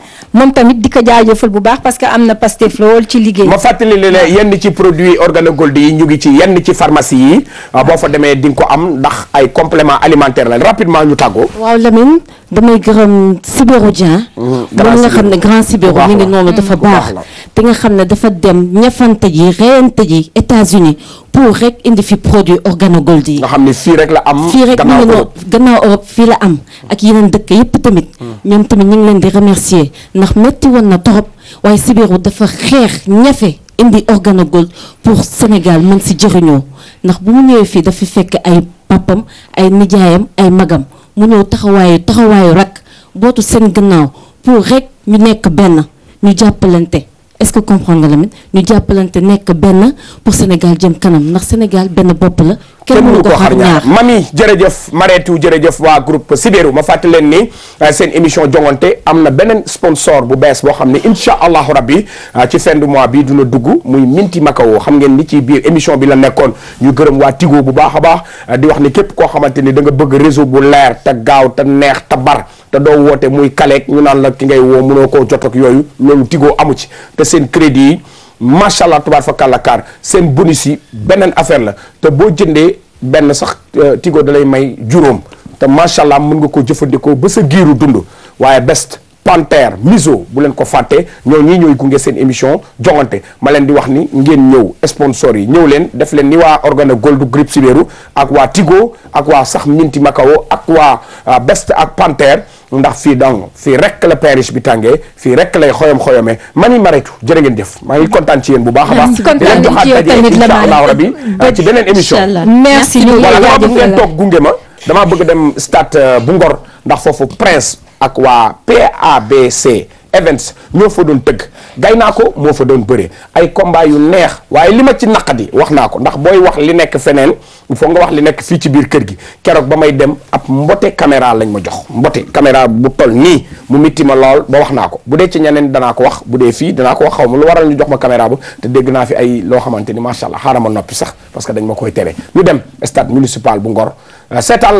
moom tamit di ko jaajëfal bu baax parce que am na Pastef lool ci liggéey. ma fàttali leen ne yenn ci produit organogold yi ñu ngi ci yenn ci pharmacie yi ah, boo fa demee di nga ko am ndax ay complement alimentaire la rapidement ñu tàggoo. waaw Lamine damay gërëm Sibérou Dieng. moom nga xam ne grand Sibérou mi ngi noonu dafa mmh, baax. te nga xam ne dafa dem ñafante ji reyante ji États-Unis pour rek indi fi produit organogold yi. nga xam ne fii rek la am. fii rek mu ngi gannaaw Europe fii la am ak yeneen dëkk yëpp tamit. Hmm. ñoom tamit ñu ngi leen di remercier ndax metti woon na torop waaye Sibiru dafa xeex ñafe indi organogold pour Sénégal mën si jëriñoo ndax bu mu ñëwee fii dafa fekk ay papam ay nijaayam ay magam mu ñëw taxawaayu taxawaayu rak bootu seen gannaaw pour rek mu nekk benn ñu jàppalante. est-ce que comprendre nga Lamine ñu jàppalante nekk benn pour Sénégal jëm kanam ndax Sénégal benn bopp la. kenn mënu ko xar ñaar mami jërëjëf Mareetu jërëjëf waa groupe Sibéru ma fàttali leen ni euh, seen émission jongante am na beneen sponsor bu bees boo xam ne incha allahu rabbi euh, ci fin du mois bi dina dugg muy Minti Makao xam ngeen ni ci biir émission bi la nekkoon ñu gërëm waa Tigo bu baax a baax euh, di wax ne képp koo xamante ni da nga bëgg réseau bu leer te gaaw te neex te bar. te doo woote muy kaleeg ñu naan la ki ngay woo mënoo koo jot ak yooyu loolu tigoo amu ci te seen crédit yi macha allah tubaar fa kàllakaar seen bonus yi beneen affaire la te boo jëndee benn sax euh, tigo da lay may juróom te macha allah mun nga ko jëfandikoo ba sa giiru dund waaye best Panthère Miso bu leen ko fàtte ñoo ñii ñooy gunge seen émission jongante ma leen di wax ni ngeen ñëw sponsor yi ñëw leen def leen ni waa Organa Gold Grip Sibeeru ak waa Tigo ak waa sax Minti Macao ak waa ah, Best ak Panthère ndax fii donc fii rek la parish bi tàngee fii rek lay xoyom xoyomee mani Marietou jërë ngeen jëf maa ngi kontaan ci yeen bu baax a baax. kontaan nañ ci yow tamit la maa ngi rabi ci beneen émission. merci ñu ngi toog gunge ma damaa bëgg dem stade euh, bu Ngor ndax foofu Prince. ak waa PABC Events ñoo fa doon tëgg gay naa ko moo fa doon bëre ay combat yu neex waaye li ma ci naqadi wax naa ko ndax booy wax li nekk feneen foo nga wax li nekk fii ci biir kër gi keroog ba may dem ab mbote caméra lañ ma jox mbote caméra bu toll nii mu mitti ma lool ba wax naa ko bu dee ci ñeneen danaa ko wax bu dee fii danaa ko wax xaw ma lu waral ñu jox ma caméra ba te dégg naa fi ay loo xamante ni macha allah xaaral ma noppi sax parce que dañ ma koy tere ñu dem stade municipal bu Ngor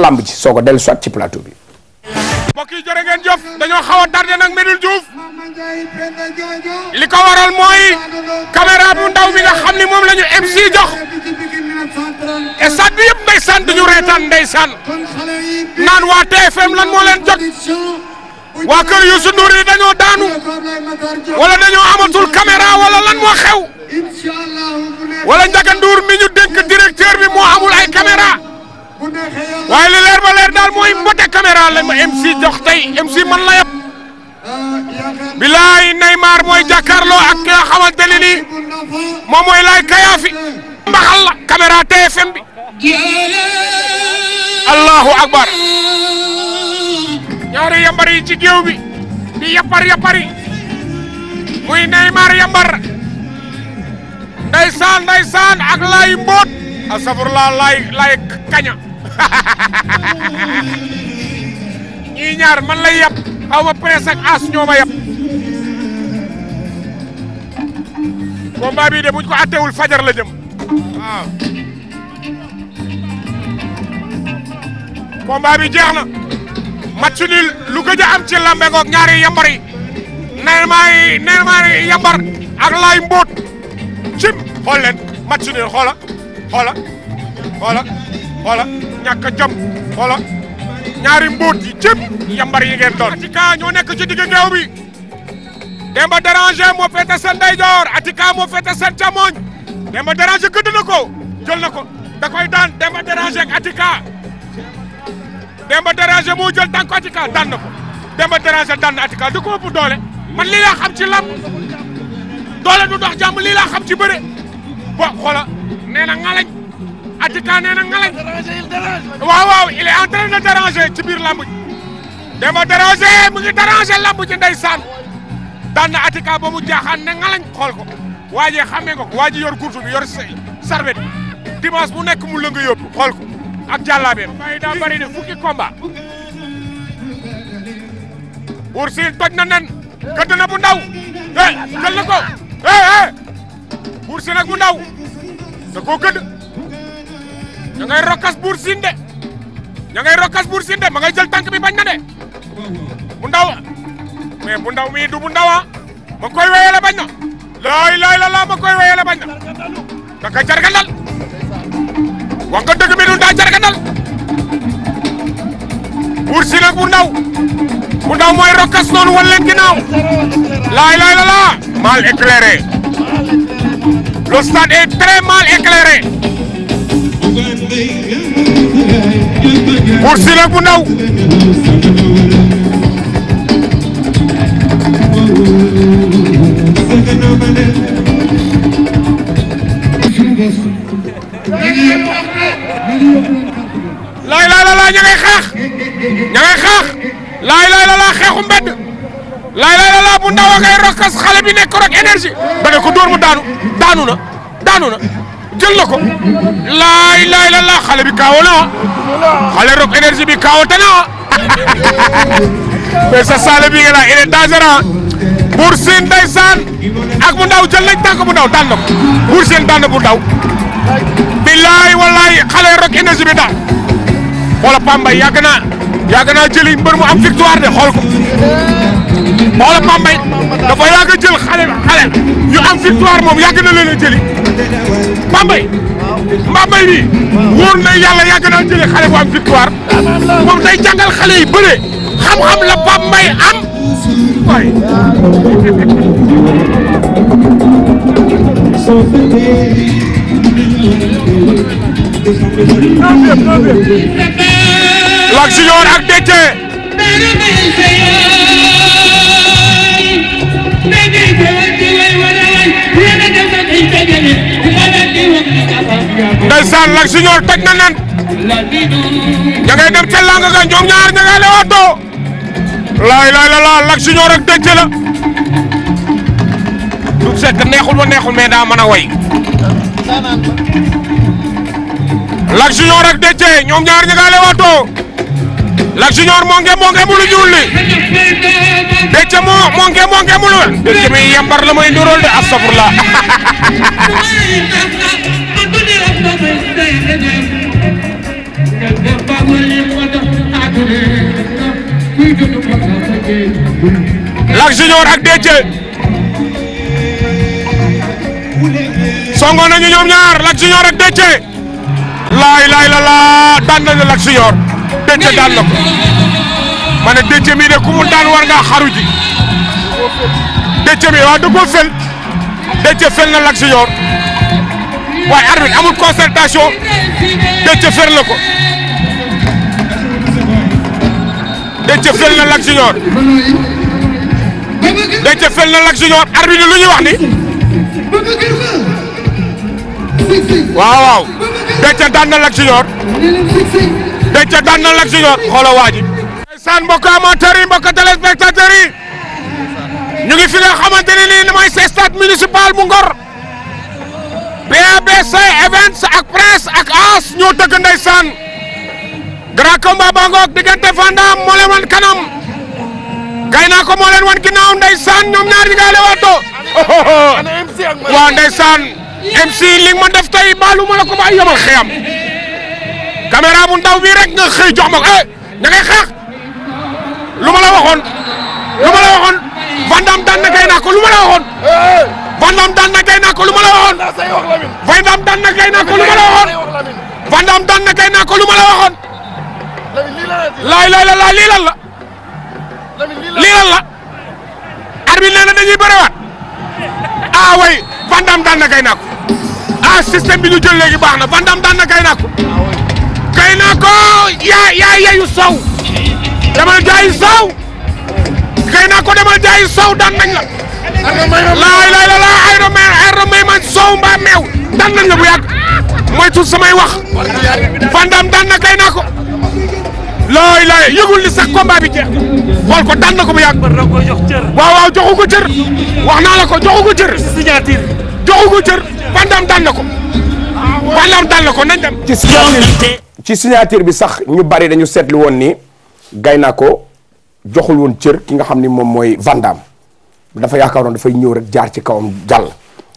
lamb ji soo dellu soit ci plateau bi. mbokk yi jërë ngeen jëf dañoo xaw a tardé nag Médoune Diouf li ko waral mooy caméra bu ndaw bi nga xam ni moom la MC jox stade bi yëpp ndeysaan du ñu reetaan ndeysaan naan waa TFM lan moo leen jot waa kër Youssou Ndour dañoo daanu wala dañoo amatul caméra wala lan moo xew wala Ndiaga mi ñu dénk directeur bi moo amul ay caméra waaye li leer ba leer daal mooy mbote caméra la ma MC jox tey MC man la yab ah, bilaay Neymar mooy jàkkaarloo ak ki nga xamante ne nii moom mooy laay kayaafi mbaxal la caméra TFM bi ñaari yambar yi ci bi di yappar yappari muy Neymar yambar ndeysaan ndeysaan ak laay mboot asafur laa laay laay kaña ñii ñaar man lay yab xaw ma presse ak as ñoo ma yab. bii de buñ ko attewul fajar la jëm waaw. combat bi jeex na match nul lu gëj am ci lambe ngoog ñaari yambar yi nen yambar ak laay mbóot cim xool leen match nul xoola xoola xoola ñàkk a jom ñaari mbóot yi cëpp yambar yi doon Atika ñoo nekk ci digg géew bi Demba Déranger moo féete seen ndeyjoor Atika moo féete seen càmmoñ Demba Déranger gëdd na na ko da koy daan Demba Déranger ak Atika Demba Déranger moo jël tànk ko Atika daan na ko Demba Déranger daan Atika du ko ëpp doole man lii xam ci lamb doole du dox jàmm lii xam ci bëre bo xoola nee na ngalañ Adica nee na ngalañ waaw waaw il est de déranger ci biir lamb ji dafa mu ngi déranger lamb ji ndeysaan daan na ba mu jaaxaan ne ngalañ xool ko waa xamee nga ko yor kurtu bi yor sarbet dimanche bu nekk mu lëng yóbbu xool ko ak jàllaabeem waaye daa bëri fukki combat Bour Sine toj na nen gëdd bu ndaw eh jël ko eh eh Bour Sine ak bu ndaw da koo gëdd ña ngay rokkas buur siin de ña ngay rokkas buur siin de ma jël tànk bi bañ na de bu ndaw mais mii du bu ma koy weyale bañ na laay laay la ma koy weyale bañ na da ka jargandal nga dëgg mi daa jargandal buur siin ak bu mooy rokkas noonu wan leen ginnaaw laay laay la laa mal éclairé le stade est Buur Sine bu ndaw laay laay la laa ña ngay xeex ña ngay xeex laay laay la laa xeexu mbedd laay a ngay rokkas xale bi nekk rek énergie ba ne ko mu daanu daanu na daanu na jël na ko la la xale bi kaawo na xale Rock Énergie bi kaawo te na mais sa saale bi nga la il est dangereux Bour Sine ndeysaan ak bu ndaw jël nañ tànk bu ndaw daan na ko Bour Sine daan na bu ndaw billaay wallaay xale Rock Énergie bi daan xoola Pamba yàgg naa yàgg naa jëli am victoire de xool ko xoolal Pape Mbaye dafa yàgg a jël xale yu am victoire moom yàgg na leen a jëli Pape Mbaye Pape Mbaye nii wóor na yàlla yàgg xale bu am victoire moom day jàngal xale yi bëre xam-xam la Pape Mbaye am waay Lac Junior ak Déthié ndeysaan lak siñoor teg na nan ña ngay dem ca ga ñoom ñaar ña ngay lewaatoo laay laay la laa lak ak dëcc la Double Seck neexul ba neexul mais daa mën a way lak siñoor ak dëcc ñoom ñaar ña ngay Lac Junior moo nge mulu ñuul li moo moo mulu Déthié mi yambar la may ndurool de astafurla Lac Junior ak Déthié songo nañu ñoom ñaar Lac Junior ak Déthié laay laay la laa daan Junior Déthié daan na ko ma ne ku mu daan war ngaa xaru ji Déthié mii fel Déthié fel na Lac Junior waaye arbitre amul concertation Déthié fel ko Déthié daan na Lat Junior xoolal waa ji. ndeysaan mbokk amateurs yi mbokk téléspectateurs yi ñu ngi fi nga xamante ne nii mooy stade municipal bu Ngor Events ak presse ak AS ñoo tëgg ndeysaan grand combat ba ngoog diggante Fandam moo wan kanam Gaynaa ko moo leen wan ginnaaw ndeysaan ñoom ñaar ñi nga lewaatoo waa ndeysaan MC li ma def tey ma la ko ba ay yomal caméra bu ndaw bii rek nga xëy jox ma ko eh da ngay xeex lu na gay naa ko bi ñu jël léegi baax na Vandam na gay jooy naa ko yaa yaa yeyu sow demal jooy sow laa ay romee ay romee man sow mbaa meew daan la bu yàgg moytu samay wax Vandam daan na kay naa ko. looy looy yëgul ni sax bi jeex waaw waaw joxu ko cër. wax naa la ko joxu ko cër. joxu ko cër Vandam daan na ko. Vandam daan na ko nañ dem. ci signature bi sax ñu bari dañu seetlu woon ni ko joxul woon cër ki nga xam ni moom mooy Vandam dafa yaakaar yaakaaroon dafay ñëw rek jaar ci kawam jàll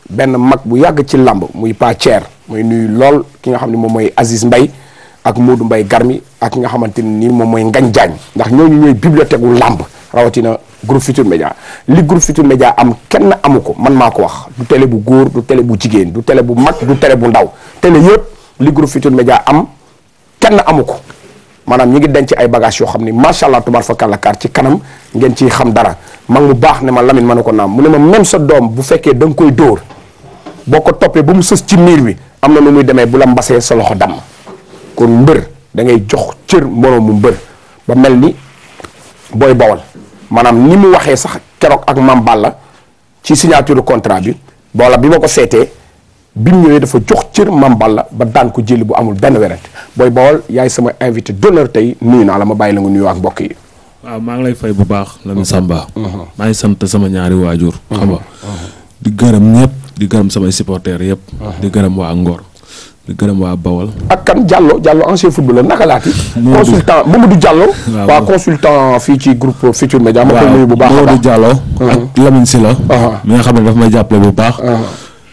benn mag bu yàgg ci làmb muy Pa Thier muy nuyu lool ki nga xam ni moom mooy Aziz mbay ak Modou mbay Garmi ak ki nga xamante ni moom mooy Ngañ Jaañ ndax ñooñu ñooy bibliothèque wu làmb rawatina Groupe Futurs Médias li Groupe Futurs Médias am kenn amu ko man maa ko wax du télé bu góor du tele bu jigéen du télé bu mag du télé bu ndaw télé am kenn amu ko maanaam ñi ngi denc ay bagage yoo xam ni macha allah tubaar fa kàllakaar ci kanam ngeen ciy xam dara mag mu baax ne ma Lamine ma ne ko naam mu ne ma même sa doom bu fekkee danga koy dóor boo ko toppee ba mu sës ci miir bi am na nu muy demee bu la mbasee sa loxo damm kon mbër da ngay jox cër moroom mu mbër ba mel ni booy bawal maanaam ni mu waxee sax keroog ak mam Balla ci signature contrat bi boola bi ma ko seetee bi mu ñëwee dafa jox cër Mame la ba daan ko jëli bu amul benn werante booy bawol yaay sama invité d'honneur tey nuyu naa la ma bàyyi la nga nuyu ak mbokk yi. waaw maa ngi lay fay bu baax. Lamine Samba. Uh-huh. maa ngi sant sama ñaari waajur. Uh-huh. xam nga uh-huh. di gërëm ñëpp di gërëm samay supporters yëpp. di gërëm waa Ngor. gërëm waa Bawol. ak kan Diallo Diallo ancien footballeur naka laati. consultant Mamadou Diallo. waaw waa consultant fii ci groupe Futur Media. ma koy nuyu bu baax a baax Mamadou Diallo. ak Lamine mi nga xam ne daf may jàppale bu baax.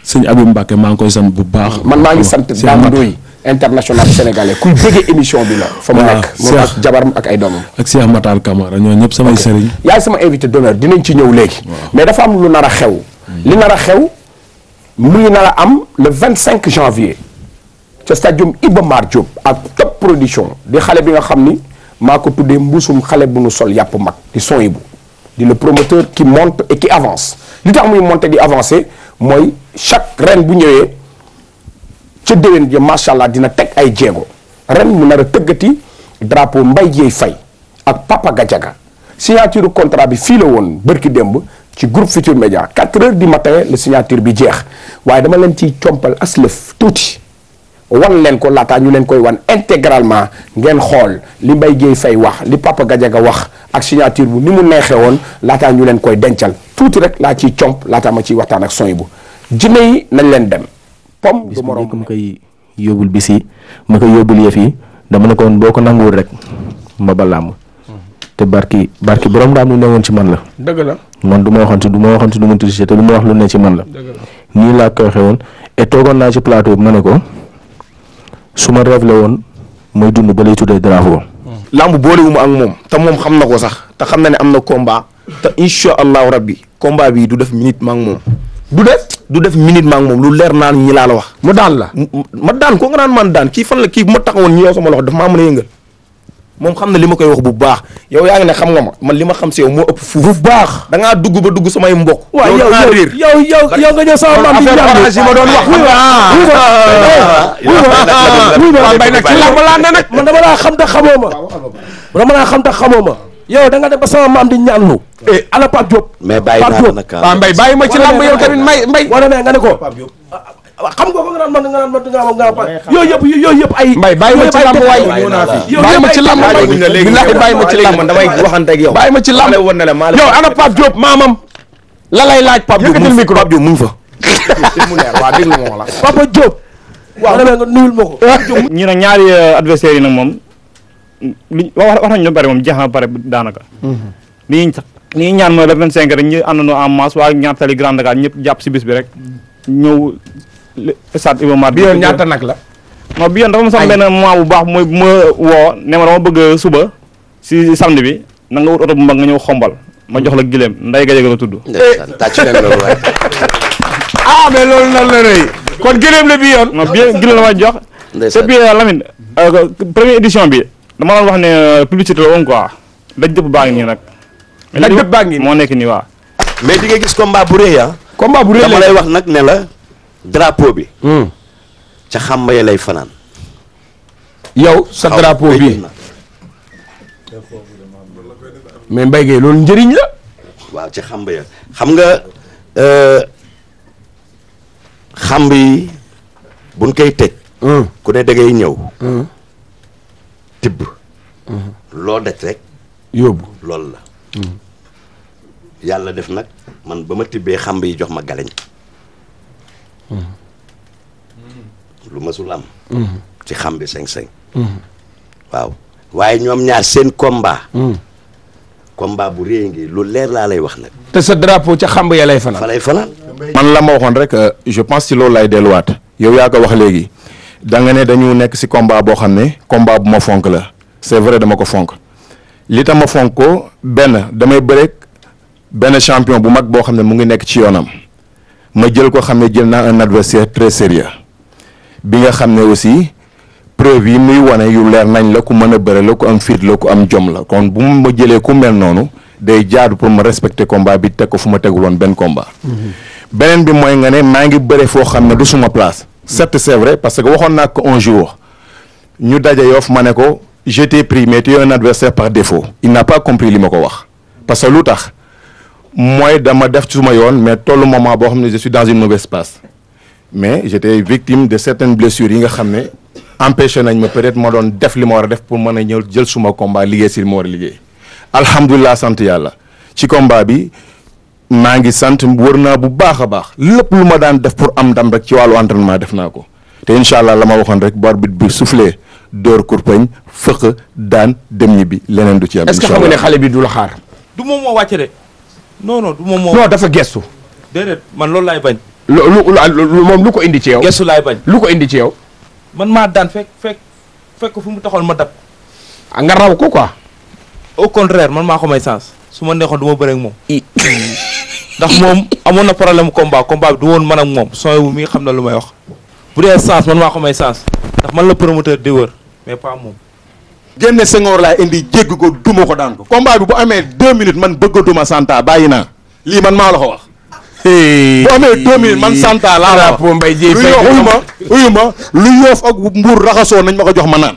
sëñ Abib Mbacke maa ngi koy sant bu baax. man maa ngi sant Dame Ndoye international sénégalais kuy bëggee émission bi la. fa mu nekk moom ak jabaram ak ay doomam. ak Cheikh Matar Camara ñoo ñëpp samay sëriñ. yaay sama invité d'honneur dinañ ci ñëw léegi. mais dafa am lu nar a xew. Hmm. li nar a xew mu nar a am le 25 janvier. ca stadium Iba Mar Diop ak top production di xale bi nga xam ni maa ko tuddee mbusum xale bu nu sol yàpp mag di son yi di le promoteur qui monte et avance li tax muy monter di avancer chaque ren bu ñëwee ca déwén ja macha allah dina teg ay jéego ren mu nar a tëggati drapeau mbay Dièye Faye ak Papa Gadiaga signature contrat bi fii la woon bërki démb ci groupe Futur Média 4 heures du matin la signature bi jeex waaye dama leen ciy compal aslëf tuuti wan leen ko laataa ñu leen koy wan intégralement ngeen xool li mbay Dièye Faye wax li Papa Gadiaga wax ak signature bu ni mu neexee woon laataa ñu leen koy dencal tuuti rek laa ciy comp laataa ma ciy waxtaan ak soñ bu jinne na leen dem. pom du morom bis ma koy yóbbul bis ma koy yóbbul yëf yi dama ne ko woon boo ko nanguwul rek ma ba làmb mm-hmm. te barki barki borom daam lu ne woon ci man la. dëgg la man du ma waxante du ma waxante du ma tricher te du ma wax lu ne ci man la. nii laa koy woon et toogoon naa ci plateau bi ma ne ko su ma rêve woon mooy dund ba lay tuddee drapeau. Mm. làmb boolewuma ak moom te moom xam na ko sax te xam na ne am na komba te incha allahu rabbi komba bii du def minute ma ak moom. du def du def minute maa moom lu leer naan ñi la wax. mu daal la ma daan ko nga naan man daan kii fan la kii bu ma taxawoon ñi yow sama loxo daf maa mën a yëngal moom xam na li ma koy wax bu baax yow yaa ngi ne xam nga ma man li ma xam si yow moo ëpp fuuf bu baax da dugg ba dugg samay mbokk waaw yow yow yow yow nga ñëw sama maam bi orange yi ma doon wax ma bay nag ci làmb laa ne nag man dama laa xam te xamoo ma dama laa xam ta xamoo ma yow da nga dem ba sama maam di ñaanlu. eh ala Pape Diop. mais bàyyi naa ah, ma ci làmb yow tamit may may. ko Pape Diop. Ah, ah, xam nga ko nga naan man nga naan man nga naan yëpp yooyu ay. Mbaye bàyyi ma ci làmb waay bàyyi ma ci làmb waay bilaay bàyyi yow. ana Pape Diop maamam. la lay laaj Pape Diop yëkkatil micro Pape Diop mu ngi fa. waaw déglu ma wala. Papa Diop. waaw nga nuyul ko. ñu ne ñaari euh, adversaire yi moom li wax nañ lu bëri moom jeex na pare daanaka mm-hmm. li ñu sax li ñu ñaan mooy le vingt cinq rek ñu àndandoo en masse waa ñaar Grand Dakar ñëpp jàpp si bis bi rek ñëw stade Iba Mar bi yoon ñaata nag la non bi yoon dafa ma sax benn mois bu baax mooy bu ma bëgg suba si samedi bi na nga oto bu mag nga ñëw xombal ma jox la gileem nday ga la tudd ah mais loolu nan la rëy kon gileem la bi yoon non bi gileem la ma jox te bi Lamine euh, première édition bi dama doon wax ne euh, publicité la woon quoi daj baa ngi nii nag. daj dëpp baa ngi moo nekk nii waa. mais di nga gis combat bu rëy ah. combat bu rëy dama lay wax nag ne la drapeau bi. Hmm. ca xamba ya lay fanaan. yow sa drapeau bi mais Mbaye Gueye loolu njëriñ la. waaw ca xamb ya xam nga euh, xamb yi buñ koy tëj. Hmm. ku ne da ñëw. Hmm. tibb. loo daj rek. yóbbu lool la. yàlla def nag man ba ma tibbee xamb yi jox ma galeñ. lu masul am. ci xambi seng-seng. waaw waaye ñoom ñaar seen combat. combat bu réy ngi lu leer laa lay wax nag. te sa drapeau ca xamb ya lay fanaan. fa lay fanaan. man la ma waxoon rek euh, je pense ci loolu lay delluwaat yow yaa ko wax léegi. da nga ne dañu nekk si combat boo xam ne combat bu ma fonk la c'est vrai dama ko fonk li tam ma fonk ko benn damay bëreek benn champion bu mag boo xam ne mu ngi nekk ci yoonam ma jël ko xam ne jël naa un adversaire très bi nga xam ne aussi preuve yi muy wane yu leer nañ la ku mën a bëre la ku am fit la ku am jom la kon bu ma jëlee ku mel noonu day jaadu pour ma respecter combat bi teg ko fu ma tegul woon benn combat. Mhm. beneen bi mooy nga ne maa ngi bëre foo xam ne du suma place. certes c'est vrai parce que waxoon naa ko un jour ñu daja Yoff ma ne ko j'étais pris mais tu es un adversaire par défaut il n'a pas compris li ma ko wax parce que lu tax mooy dama def ci suma yoon mais tollu moment boo xam ne je suis dans une mauvaise passe mais j'étais victime de certaines blessures yi nga xam ne empêché nañ ma peut-être ma doon def li ma war a def pour mën a ñëw jël suma combat liggéey si li ma war a liggéey alhamdulilah sant yàlla ci combat bi maa ngi sant wër naa bu baax a baax lépp lu ma daan def pour am ndam rek ci wàllu entraînement def naa ko te incha allah la ma waxoon rek bu arbitre bi soufflé door kurpañ fëq daan dem ñibbi leneen du ci am. est-ce ne xale bi du la xaar. du moom moo wàcce de moo. non dafa gestu. man loolu laay bañ. lu moom lu ko indi ci yow. gestu lu ko indi ci man maa daan fekk fekk fekk fu mu taxoon ma dab. Ah, nga raw ko quoi. au contraire man maa ko may sens su ma neexoon du ma bëre ak moom. ndax moom amoon na problème combat combat bi du woon man ak moom sooy wu xam na lu may wax bu dee sens man maa ko may sens ndax man la promoteur di wër mais pas laa indi jégg ko duma ko daan ko combat bi bu amee deux minutes man bëggatuma santa bàyyi naa lii man maa la ko wax. bu amee deux minutes man santa laa la lu ma uyu lu yoof ak mbuur raxasoo nañ ma ko jox ma naan.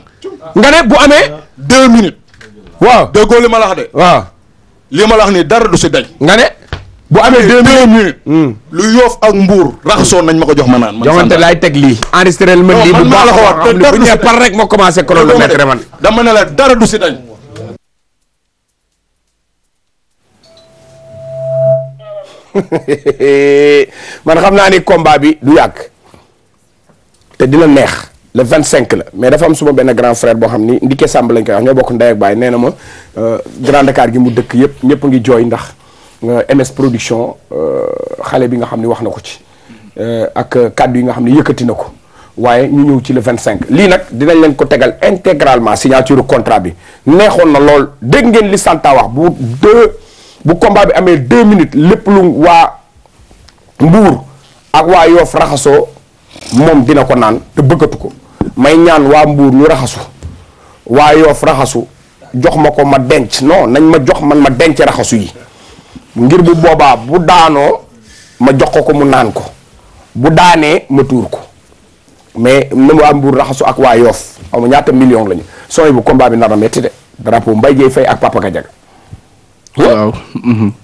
nga ne bu amee deux minutes. waaw dëggoo li ma la de. waaw li ma la wax nii dara du si dañ. nga bu amee deux minutes hmm. lu yoof ak mbuur raxasoon nañ ma ko jox ma naan. jongante laay teg lii. enregistré ma lii bu baax la ko wax te bu ñu par rek ma commencé chronomètre man. dama ne la dara du si dañ. man xam naa ni combat bi du yàgg te dina neex le 25 la mais dafa am suma benn grand frère boo xam ni Ndike Samb lañ koy wax ñoo bokk ndey ak baay nee na ma euh, Grand Dakar gi mu dëkk yëpp ñëpp ngi jooy ndax. MS production euh, xale bi nga xam ne wax na ko ci euh, ak kàddu yi nga xam ne yëkkati na ko waaye ñu ñëw ci la vingt cinq lii nag dinañ leen ko tegal intégralement signature contrat bi neexoon na lool dégg ngeen li Santa wax bu deux bu combat bi amee deux minutes lépp lu waa Mbuur ak waa Yoof raxasoo moom dina ko naan te bëggatu ko may ñaan waa Mbuur ñu raxasu waa Yoof raxasu jox ma ko ma denc non nañ ma jox man ma denc raxasu yi ngir bu boobaa bu daanoo ma jox ko ko mu naan ko bu daanee ma tuur ko mais na mu am raxasu ak waa yoof xaw ma ñaata million lañu sooy bu combat bi nar a metti de drapeau Mbaye Dieye Faye ak Papa Gadiaga waaw